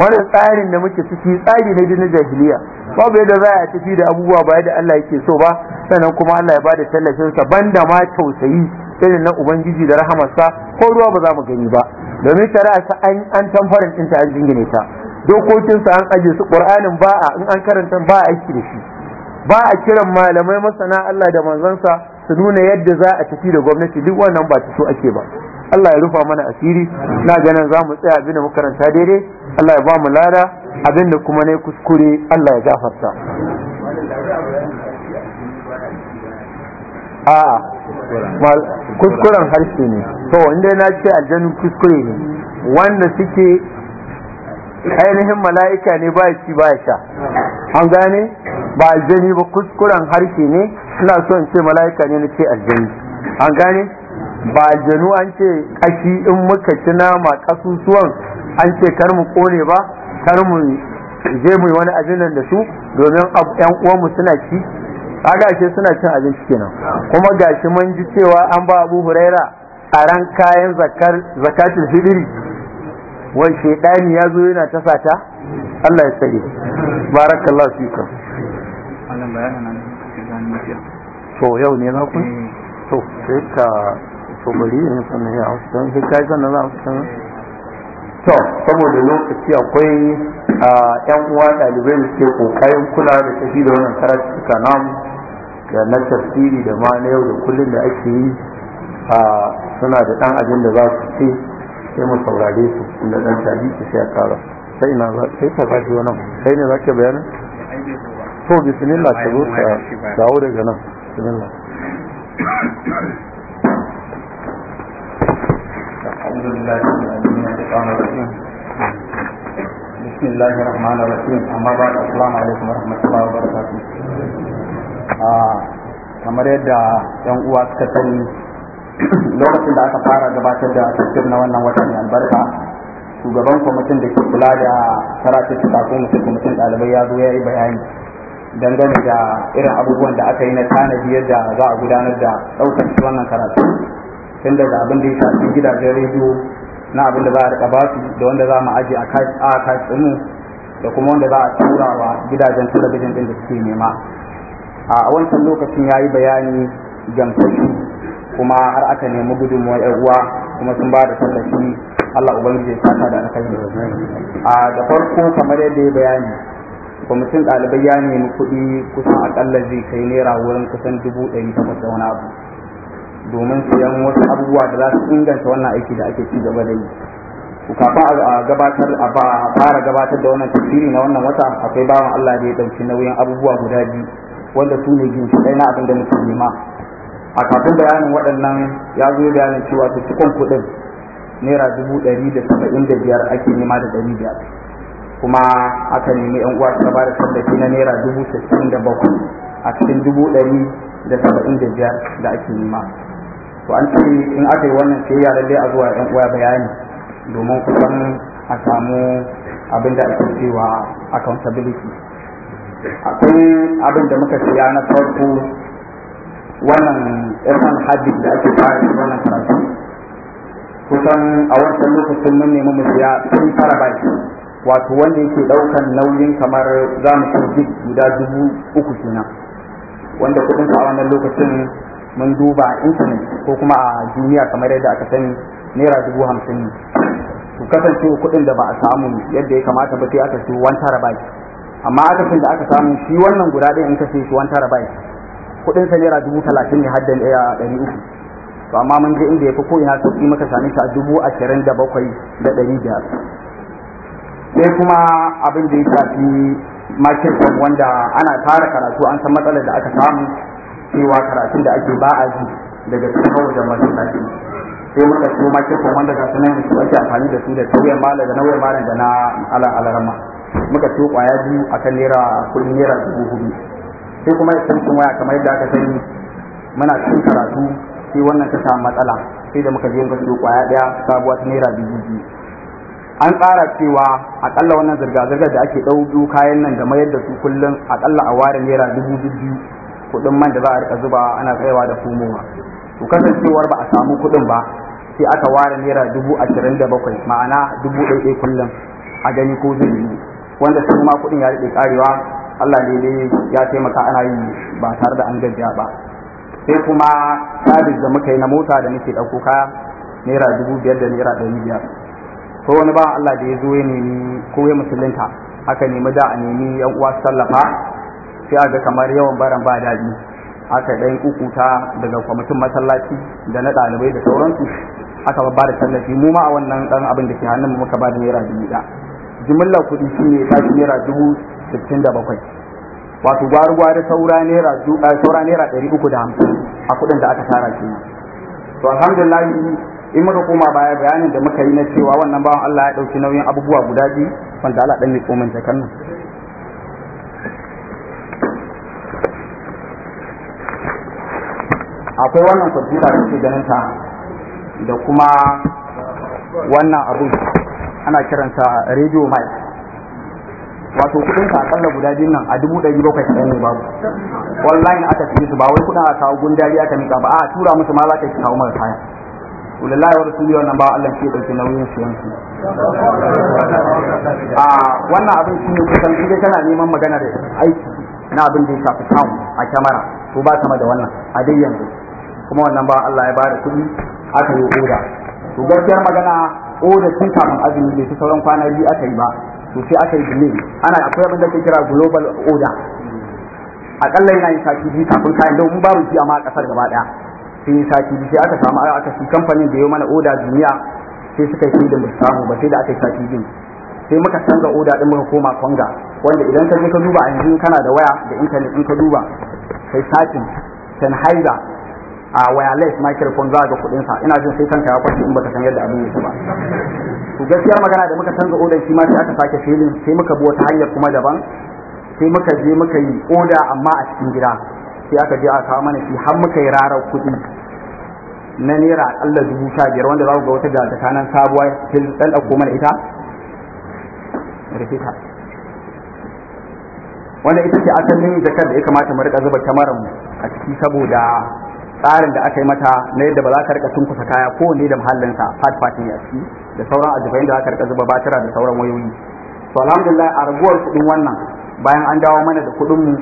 wannan tsarin da muke ciki tsari ne na jahiliya babu yadda za a tafi da abubuwa ba yadda Allah yake so ba sannan kuma Allah ya bada tallafin sa banda ma tausayi irin na ubangiji da rahamarsa ko ruwa ba za mu gani ba domin shari'a ta an an tamfarin ɗinta an jingine ta dokokinsa an aje su qur'anin ba a in an karanta ba a aiki da shi ba a kiran malamai masana Allah da manzansa su nuna yadda za a tafi da gwamnati duk wannan ba ta so ake ba Allah ya rufa mana asiri na ganin za mu tsaya abinda da mu daidai Allah ya ba mu lada abinda kuma ne kuskure Allah ya gafarta a'a kuskuren harshe ne to inda na ce aljanu kuskure ne wanda suke ainihin mala'ika ne ba shi ba sha an gane ba aljani ba kuskuren harshe ne suna so in ce mala'ika ne na ce aljani an gane ba aljanu an ce kashi in muka ci nama kasusuwan an ce kar mu kone ba kar mu je mu yi wani abin da su domin yan uwanmu suna ci kaga ashe suna cin abinci kenan kuma gashi mun ji cewa an ba Abu Huraira a ran kayan zakar zakatul wai shedani ya zo yana ta sata Allah ya tsare barakallahu fikum wannan nan to yau ne za ku eh. to sai ka to bari ne sanin ya hausa sai kai sanin na hausa to saboda lokaci akwai a ah, yan uwa dalibai da suke kokarin kula da tafi da wannan karatu ka namu da na tafsiri da ma na yau da kullum da ake yi a suna da ɗan abin da za su ce sai mu saurare su inda ɗan tabi su sai a ƙara sai na za sai ka ba shi wani sai ne za ka to bismillah ta zo ta dawo daga nan bismillah بسم الله الرحمن الرحيم أما بعد السلام عليكم ورحمة الله وبركاته a ah, kamar yadda yan uwa suka sani lokacin da aka fara gabatar da tafiyar na wannan wata mai albarka shugaban kwamitin da ke kula da karatuttuka ko mutum kwamitin ɗalibai ya zo ya yi bayani dangane da irin abubuwan da aka yi na tanadi yadda za a gudanar da ɗaukar wannan karatu tun daga abin da ya shafi gidajen rediyo na abin da za a rika basu da wanda za mu aje a kashi da kuma wanda za a tura wa gidajen talabijin ɗin da suke nema a wancan lokacin ya yi bayani jamfashi kuma har aka nemi gudunmuwar yan uwa kuma sun ba da tallafi Allah ubangiji ya saka da aka yi a da farko kamar yadda ya bayani kwamitin ɗalibai ya nemi kuɗi kusan aƙalla zai kai naira wurin kusan dubu ɗari takwas da wani abu domin siyan wasu abubuwa da za su inganta wannan aiki da ake ci gaba da yi kafin a gabatar a fara gabatar da wannan tafsiri na wannan wata akwai bawan Allah da ya ɗauki nauyin abubuwa guda biyu wanda su ne su na abin da muke nema a kafin bayanin waɗannan ya zo bayanin cewa su cikin kuɗin naira dubu ɗari da saba'in da biyar ake nema da ɗari biyar kuma aka nemi yan uwa suka ba da tallafi na naira dubu sittin da bakwai a cikin dubu ɗari da saba'in da biyar da ake nema to an ce in aka yi wannan sai ya lalle a zuwa yan uwa bayani domin kusan a samu abin da ake cewa accountability akwai abin da muka siya na farko wannan irin hadis da ake fara da wannan karatu kusan a wancan lokacin mun nemi mu siya sun fara baki wato wanda yake ɗaukan nauyin kamar za mu ci duk guda dubu uku kenan wanda kudin a wannan lokacin mun duba a intanet ko kuma a duniya kamar yadda aka sani naira dubu hamsin ne kasancewa kuɗin da ba a samu yadda ya kamata ba sai aka wani tara baki. amma akasin da aka samu shi wannan guda ɗaya in ka sai shi wani tara bai kuɗin sa naira dubu talatin ne haddan ɗaya ɗari uku to amma mun je inda ya fi ko ina sauƙi muka sami shi a dubu ashirin da bakwai da ɗari biyar sai kuma abin da ya shafi makirkan wanda ana tara karatu an san matsalar da aka samu cewa karatun da ake ba a ji daga cikin masu tafi, sai muka so makirkan wanda ga sunan su ake amfani da su da tauyen malam da nauyin malar da na alarama muka ciyo kwaya biyu akan naira kudin naira dubu hudu sai kuma extension waya kamar yadda aka sani muna cikin karatu sai wannan ta samu matsala sai da muka je muka ciyo kwaya ɗaya sabuwa ta naira dubu biyu an tsara cewa akalla wannan zirga-zirgar da ake ɗauko kayan nan da mayar da su kullum akalla a ware naira dubu biyu kuɗin man da za a rika zuba ana tsayawa da komowa to kasancewar ba a samu kuɗin ba sai aka ware naira dubu ashirin da bakwai ma'ana dubu ɗaiɗai kullum a gani ko zai yi wanda su ma kuɗin ya daɗe karewa Allah ne dai ya taimaka ana yi ba tare da an gajiya ba sai kuma sabis da muka yi na mota da muke ɗauko kaya naira dubu biyar da naira ɗari biyar ko wani ba Allah da ya zo ya nemi ko ya musulunta aka nemi da a nemi yan uwa tallafa sai a ga kamar yawan baran ba daɗi aka ɗan kukuta daga kwamitin masallaci da na ɗalibai da sauransu aka ba da tallafi mu ma a wannan ɗan abin da ke hannun muka ba da naira dubu biyar. jimillar kuɗi shi ne tashi naira dubu sittin da bakwai wato eh, saura naira ɗari uku da hamsin a kuɗin da aka tara shi to alhamdulillah in muka koma baya bayanin da muka yi na cewa wannan bawan Allah ya ɗauki nauyin abubuwa guda biyu wanda Allah ɗan ne min ta kannu. akwai wannan kwamfuta da ke ganin ta da kuma wannan abu ana kiransa radio mic wato kudin ka akalla guda biyun nan a dubu ɗari bakwai kaɗan ne babu wallahi aka fi su ba wai kudin a kawo gundari aka mika ba a tura musu ma za ka kawo mara kaya wallahi wa rasuli wannan ba Allah ke dauki nauyin siyan su a wannan abin shi ne kusan shi dai neman magana da aiki na abin da ya shafi kawo a kyamara to ba sama da wannan a dai yanzu kuma wannan ba Allah ya bada kuɗi aka yi oda to gaskiyar magana oda tun kafin azumi bai ta sauran kwana biyu aka yi ba to sai aka yi delay ana akwai abin da ke kira global order akalla yana yin sati biyu kafin kayan da mun babu shi amma a kasar gaba daya sai yin sati biyu sai aka samu aka shi kamfanin da ya mana order duniya sai suka yi da mu samu ba sai da aka yi sati biyu sai muka canza order din muka koma konga wanda idan ka je ka duba a yanzu kana da waya da intanet in ka duba kai satin sennheiser a wireless microphone za a ga kuɗin sa ina jin sai kanka ya kwanci in baka san yadda abin yake ba to gaskiyar magana da muka canza order shi ma sai aka sake filin sai muka bi wata hanyar kuma daban sai muka je muka yi order amma a cikin gida sai aka je aka kawo mana shi har muka yi rarar kuɗi na naira akalla dubu sha biyar wanda za ku ga wata ga tsakanin sabuwa fil dan dauko mana ita rufita wanda ita ce asalin jakar da ya kamata mu rika zuba kyamarar mu a ciki saboda tsarin da aka yi mata na yadda ba za ka rika tunkusa kaya ko kowanne da muhallinsa fat fat ne a ciki da sauran ajibai da za ka rika zuba batira da sauran wayoyi to alhamdulillah a raguwar kuɗin wannan bayan an dawo mana da kuɗin mu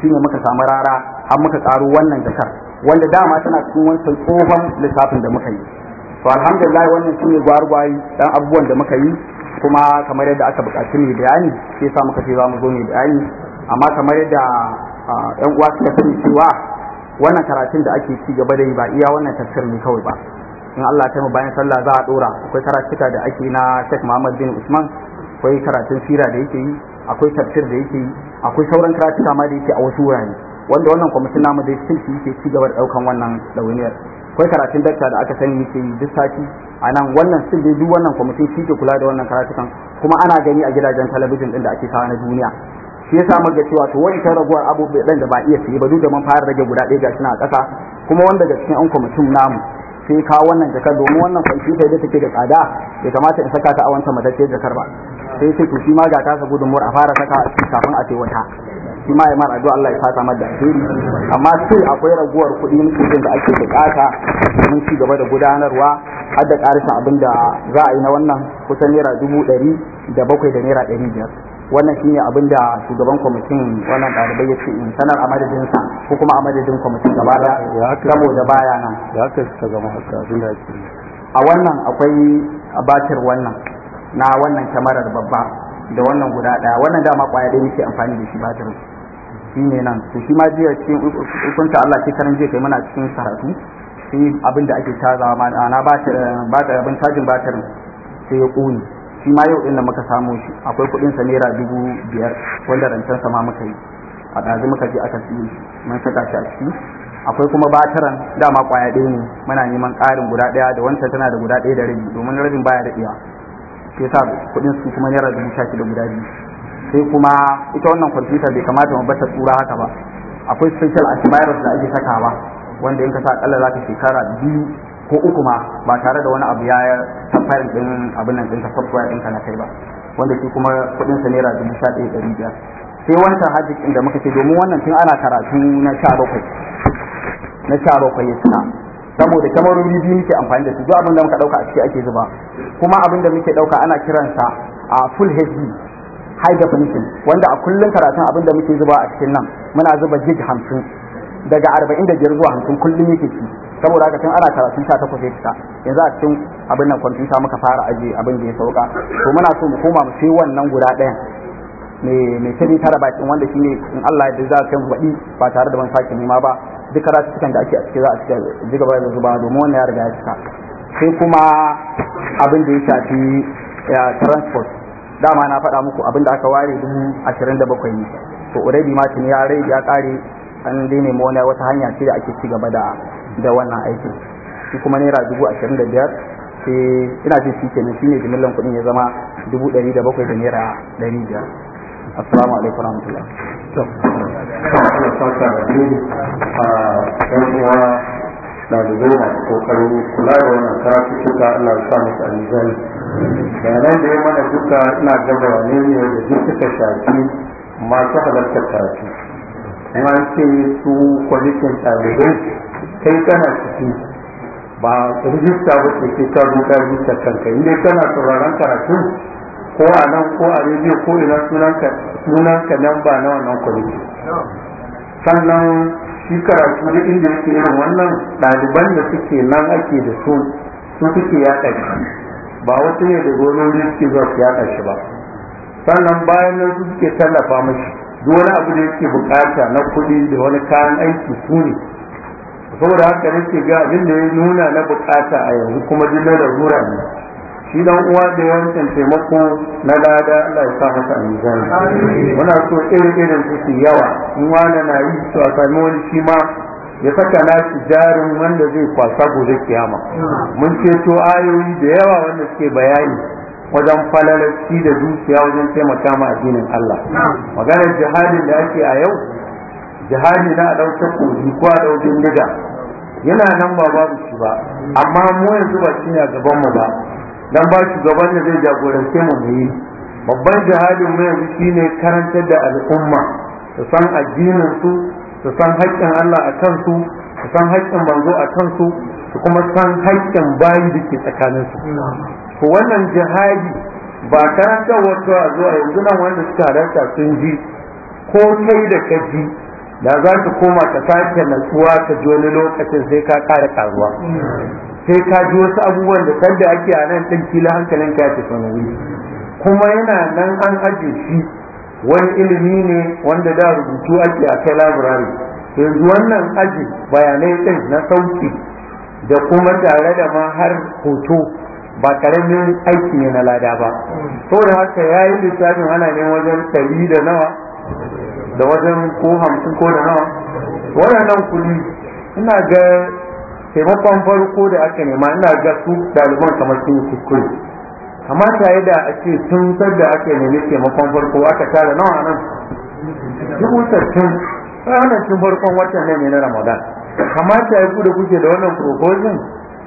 shine muka samu rara har muka karo wannan jakar wanda dama tana cikin wancan tsohon lissafin da muka yi to alhamdulillah wannan shine gwargwayi dan abubuwan da muka yi kuma kamar yadda aka buƙaci ne bayani sai sa muka ce za mu zo ne bayani amma kamar yadda yan ah, uwa suka sani cewa wannan karatun da ake ci gaba da yi ba iya wannan tafsir ne kawai ba in Allah ta mu bayan sallah za a dora akwai karatuka da ake na Sheikh Muhammad bin Usman akwai karatun sira da yake yi akwai tafsir da yake yi akwai sauran karatuka ma da yake a wasu wurare wanda wannan kwamitin namu da yake yake ci gaba da daukan wannan dawainiyar akwai karatun dakta da aka sani yake yi duk sati a nan wannan sun dai duk wannan kwamitin shi ke kula da wannan karatukan kuma ana gani a gidajen talabijin din da ake kawo na duniya shi yasa da cewa to wani ta raguwar dan da ba iya siye ba duk da mun fara rage guda ɗaya ga shi na ƙasa kuma wanda ga cikin an kwamitin namu sai kawo wannan jakar domin wannan kwamfuta da take da tsada ya kamata in saka ta a wancan matacciyar jakar ba sai sai to shi ma ga tasa gudunmuwar a fara saka a kafin a ce wata shi ma ya mara addu'a Allah ya fata mar da alheri amma sai akwai raguwar kuɗi kuɗin da ake bukata domin ci gaba da gudanarwa har da ƙarshen abin da za a yi na wannan kusan naira dubu ɗari da bakwai da naira ɗari biyar wannan shine abin da shugaban kwamitin wannan ɗalibai ya ce in sanar a madadin sa ko kuma a madadin kwamitin gaba da da baya nan ya ka ta gama haka abin da ake a wannan akwai batir wannan na wannan kyamarar babba da wannan guda ɗaya wannan dama kwaya ɗaya yake amfani da shi batir ne nan to shi ma jiya cikin hukunta Allah ke karan jiya muna cikin karatu sai abin da ake cazawa ma na batir abin cajin batirin sai ya ƙone. shi ma yau din da muka samu shi akwai kuɗin sa naira dubu biyar wanda rancen sa ma muka yi a ɗazu muka je aka siye shi mun saka shi a ciki akwai kuma bataran dama kwaya ɗaya ne muna neman ƙarin guda ɗaya da wancan tana da guda ɗaya da rabi domin rabin baya da iya sai sa kuɗin su kuma naira dubu sha shida guda biyu sai kuma ita wannan kwamfuta bai kamata mu bata tsura haka ba akwai special antivirus da ake sakawa wanda in ka sa akalla za ka shekara biyu ko uku ma ba tare da wani abu ya yi din abin nan ɗinka software ɗinka na kai ba wanda shi kuma kudin sa naira dubu sha ɗaya ɗari biyar sai wancan hajji inda muka ce domin wannan tun ana karatu na sha bakwai na sha bakwai ya suna saboda kyamarori biyu muke amfani da su duk abin da muka ɗauka a ciki ake zuba kuma abin da muke ɗauka ana kiransa a full HD high definition wanda a kullum karatun abin da muke zuba a cikin nan muna zuba gig hamsin daga arba'in da biyar zuwa hamsin kullum yake ci saboda haka tun ana karatun sha takwas ya fita yanzu a cikin abin nan kwamfuta muka fara aji abin da ya sauka to muna so mu koma mu sai wannan guda ɗayan mai shirin tara bakin wanda shine in Allah ya za kan waɗi ba tare da ban sake nima ba duk cikin da ake a ciki za a cika jiga ba da zuba domin wannan ya riga ya cika sai kuma abin da ya shafi transport dama na faɗa muku abin da aka ware dubu ashirin da bakwai ne to already ma ya rage ya kare an dai nemi wani wata hanya ce da ake ci gaba da da wannan aikin shi kuma naira dubu ashirin da biyar sai ina jin shi kenan shine jimillan kuɗin ya zama dubu ɗari da bakwai da naira ɗari biyar assalamu alaikum warahmatullah to ɗalibai na kokarin kula da wannan tafi suka Allah sa musu alizali bayanan da ya mana duka ina gaba ne ne da duk suka shafi masu halartar karatu kuma ce su kwalitin ɗalibai kai kana ciki ba rijista ba ce sai ka buka rijista kanka in dai kana sauraron karatu ko a nan ko a rediyo ko ina sunanka sunanka nan ba na wannan kwamiti sannan shi karatu da inda yake irin wannan ɗaliban da suke nan ake da su su suke yaɗa shi ba wasu ne da gonon suke zuwa su yaɗa shi ba sannan bayan nan su suke tallafa mashi duk wani abu da yake bukata na kuɗi da wani kayan aiki su ne saboda haka nake ga abin da ya nuna na bukata a yanzu kuma duk da larura ne shi dan uwa da yawancin taimako na lada Allah ya sa masa amin muna so irin irin su su yawa in na yi to a sami wani shi ma ya saka nashi jarin wanda zai kwasa gobe kiyama mun ceto ayoyi da yawa wanda suke bayani wajen falalarci da dukiya wajen taimaka ma addinin Allah maganar jihadin da ake a yau jihadi na a ɗaukar kogi ko a ɗaukin diga yana nan ba babu shi ba amma mu yanzu ba shi ne gaban mu ba dan ba shi gaban da zai jagorance mu mu yi babban jihadin mu yanzu shine karantar da al'umma su san addinin su su san haƙƙin Allah a kansu su san haƙƙin manzo a kansu su kuma san haƙƙin bayi da ke tsakanin su to wannan jihadi ba karantar wato a zuwa yanzu nan wanda suka halarta sun ji ko kai da kaji. da za ka koma ka sake natsuwa ka ji wani lokacin sai ka kara karuwa sai ka ji wasu abubuwan da sanda ake a nan ɗin kila hankalin ka ce sanarwi kuma yana nan an ajiye shi wani ilimi ne wanda da rubutu ake a kai labirari yanzu wannan aji bayanai ɗin na sauki da kuma tare da ma har hoto ba karamin aiki ne na lada ba saboda haka ya yi lissafin ana ne wajen ɗari da nawa da wajen ko hamsin ko da nawa waɗannan kuɗi ina ga taimakon farko da aka nema ina ga su ɗaliban kamar sun yi kuskure kamata yi da a ce sar da aka nemi taimakon farko aka tara nawa nan dubu sattin ranar cin farkon watan nan ne na ramadan kamata ya ku da kuke da wannan proposing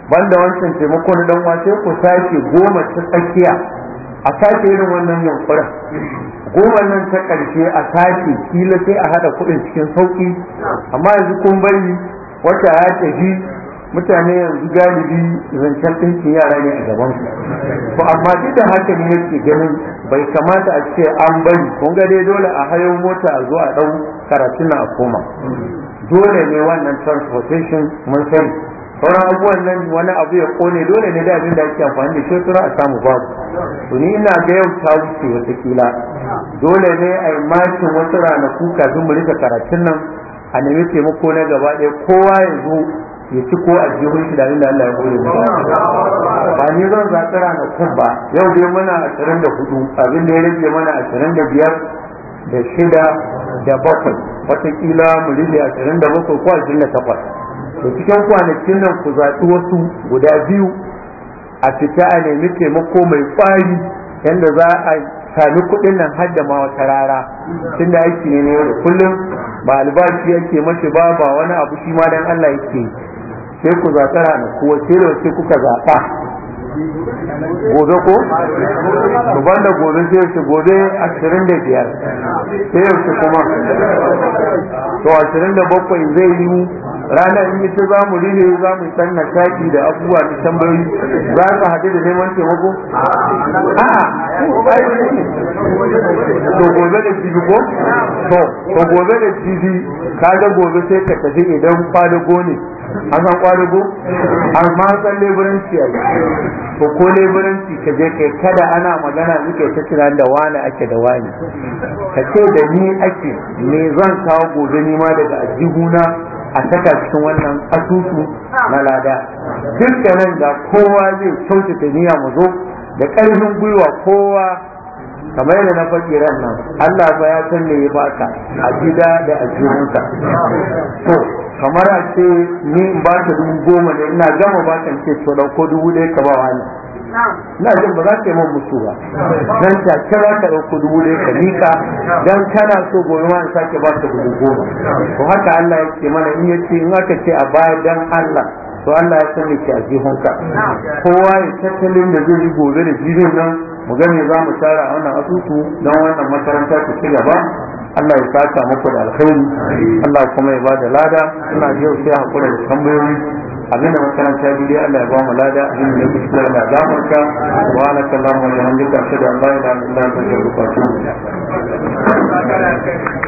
banda wancan taimako na dan wace ku sake goma ta tsakiya a sake irin wannan yunkurin goma nan ta ƙarshe a tashi kila sai a hada kuɗin cikin sauƙi amma yanzu kun bari wata ya tafi mutane yanzu galibi zancen ɗinkin yara ne a gaban su to amma duk da haka ne yake ganin bai kamata a ce an bari kun ga dai dole a hayo mota a zo a ɗau karatun a koma dole ne wannan transportation mun sani sauran abubuwan nan wani abu ya kone dole ne da da ake amfani da shi a samu babu to ni ina ga yau ta wuce watakila dole ne a yi makin wasu ranaku kafin mu rika karatun nan a nemi taimako na gaba ɗaya kowa ya zo ya ci ko a jihun shi da inda Allah ya koyi mu ba ni zan zaɓi ranakun ba yau dai muna ashirin da hudu abin da ya rage mana ashirin da biyar da shida da bakwai watakila mu rike ashirin da bakwai ko ashirin da takwas to cikin kwanakin nan ku zaɓi wasu guda biyu a fita a nemi taimako mai ƙwari yadda za a sami kuɗin nan hadda ma wata rara tun da aiki ne yau da kullum ba albashi yake mashi ba ba wani abu shi ma dan Allah yake sai ku zaɓi ku wace da wace kuka zaɓa gobe ko to banda gobe sai su gobe ashirin da biyar sai yaushe kuma to ashirin da bakwai zai yi ranar in yace za mu rine za mu san shaki da abubuwa da tambayoyi za ka haɗu da neman taimako a'a ai to gobe da jibi ko to to gobe da ka ga gobe sai ka tafi idan kwadago ne an san kwadago amma san leburanci a to ko leburanci ka je kai kada ana magana muke ta tunan da wani ake da wani ka ce da ni ake ne zan kawo gobe ni ma daga ajihuna a saka cikin wannan asusu na lada nan da kowa zai ta niya mu zo da ƙarfin gwiwa kowa kamar yadda na faɗi ran nan Allah ba ya san me ya baka a gida da a jirinka to kamar a ce ni in ba ta dubu goma ne ina gama ba ka ce to ko dubu ɗaya ka ba wani na jin ba za ka yi man musu ba don ta kira ka dauko dubu ɗaya ka nika dan kana so gobe ma in sake ba su dubu goma to haka Allah ya ce mana in ya ce in aka ce a baya dan Allah to Allah ya sani ki a jihunka kowa ya tattalin da zai yi gobe da jirin nan mu gani za mu tara a wannan asusu don wannan makaranta ta ci gaba Allah ya saka muku da alkhairi Allah kuma ya ba da lada ina yau sai hakura da tambayoyi abin da makaranta biyu Allah ya ba mu lada abin da yake cikin Allah ya barka wa alaka Allahumma wa bihamdika ashhadu an la da illa anta astaghfiruka wa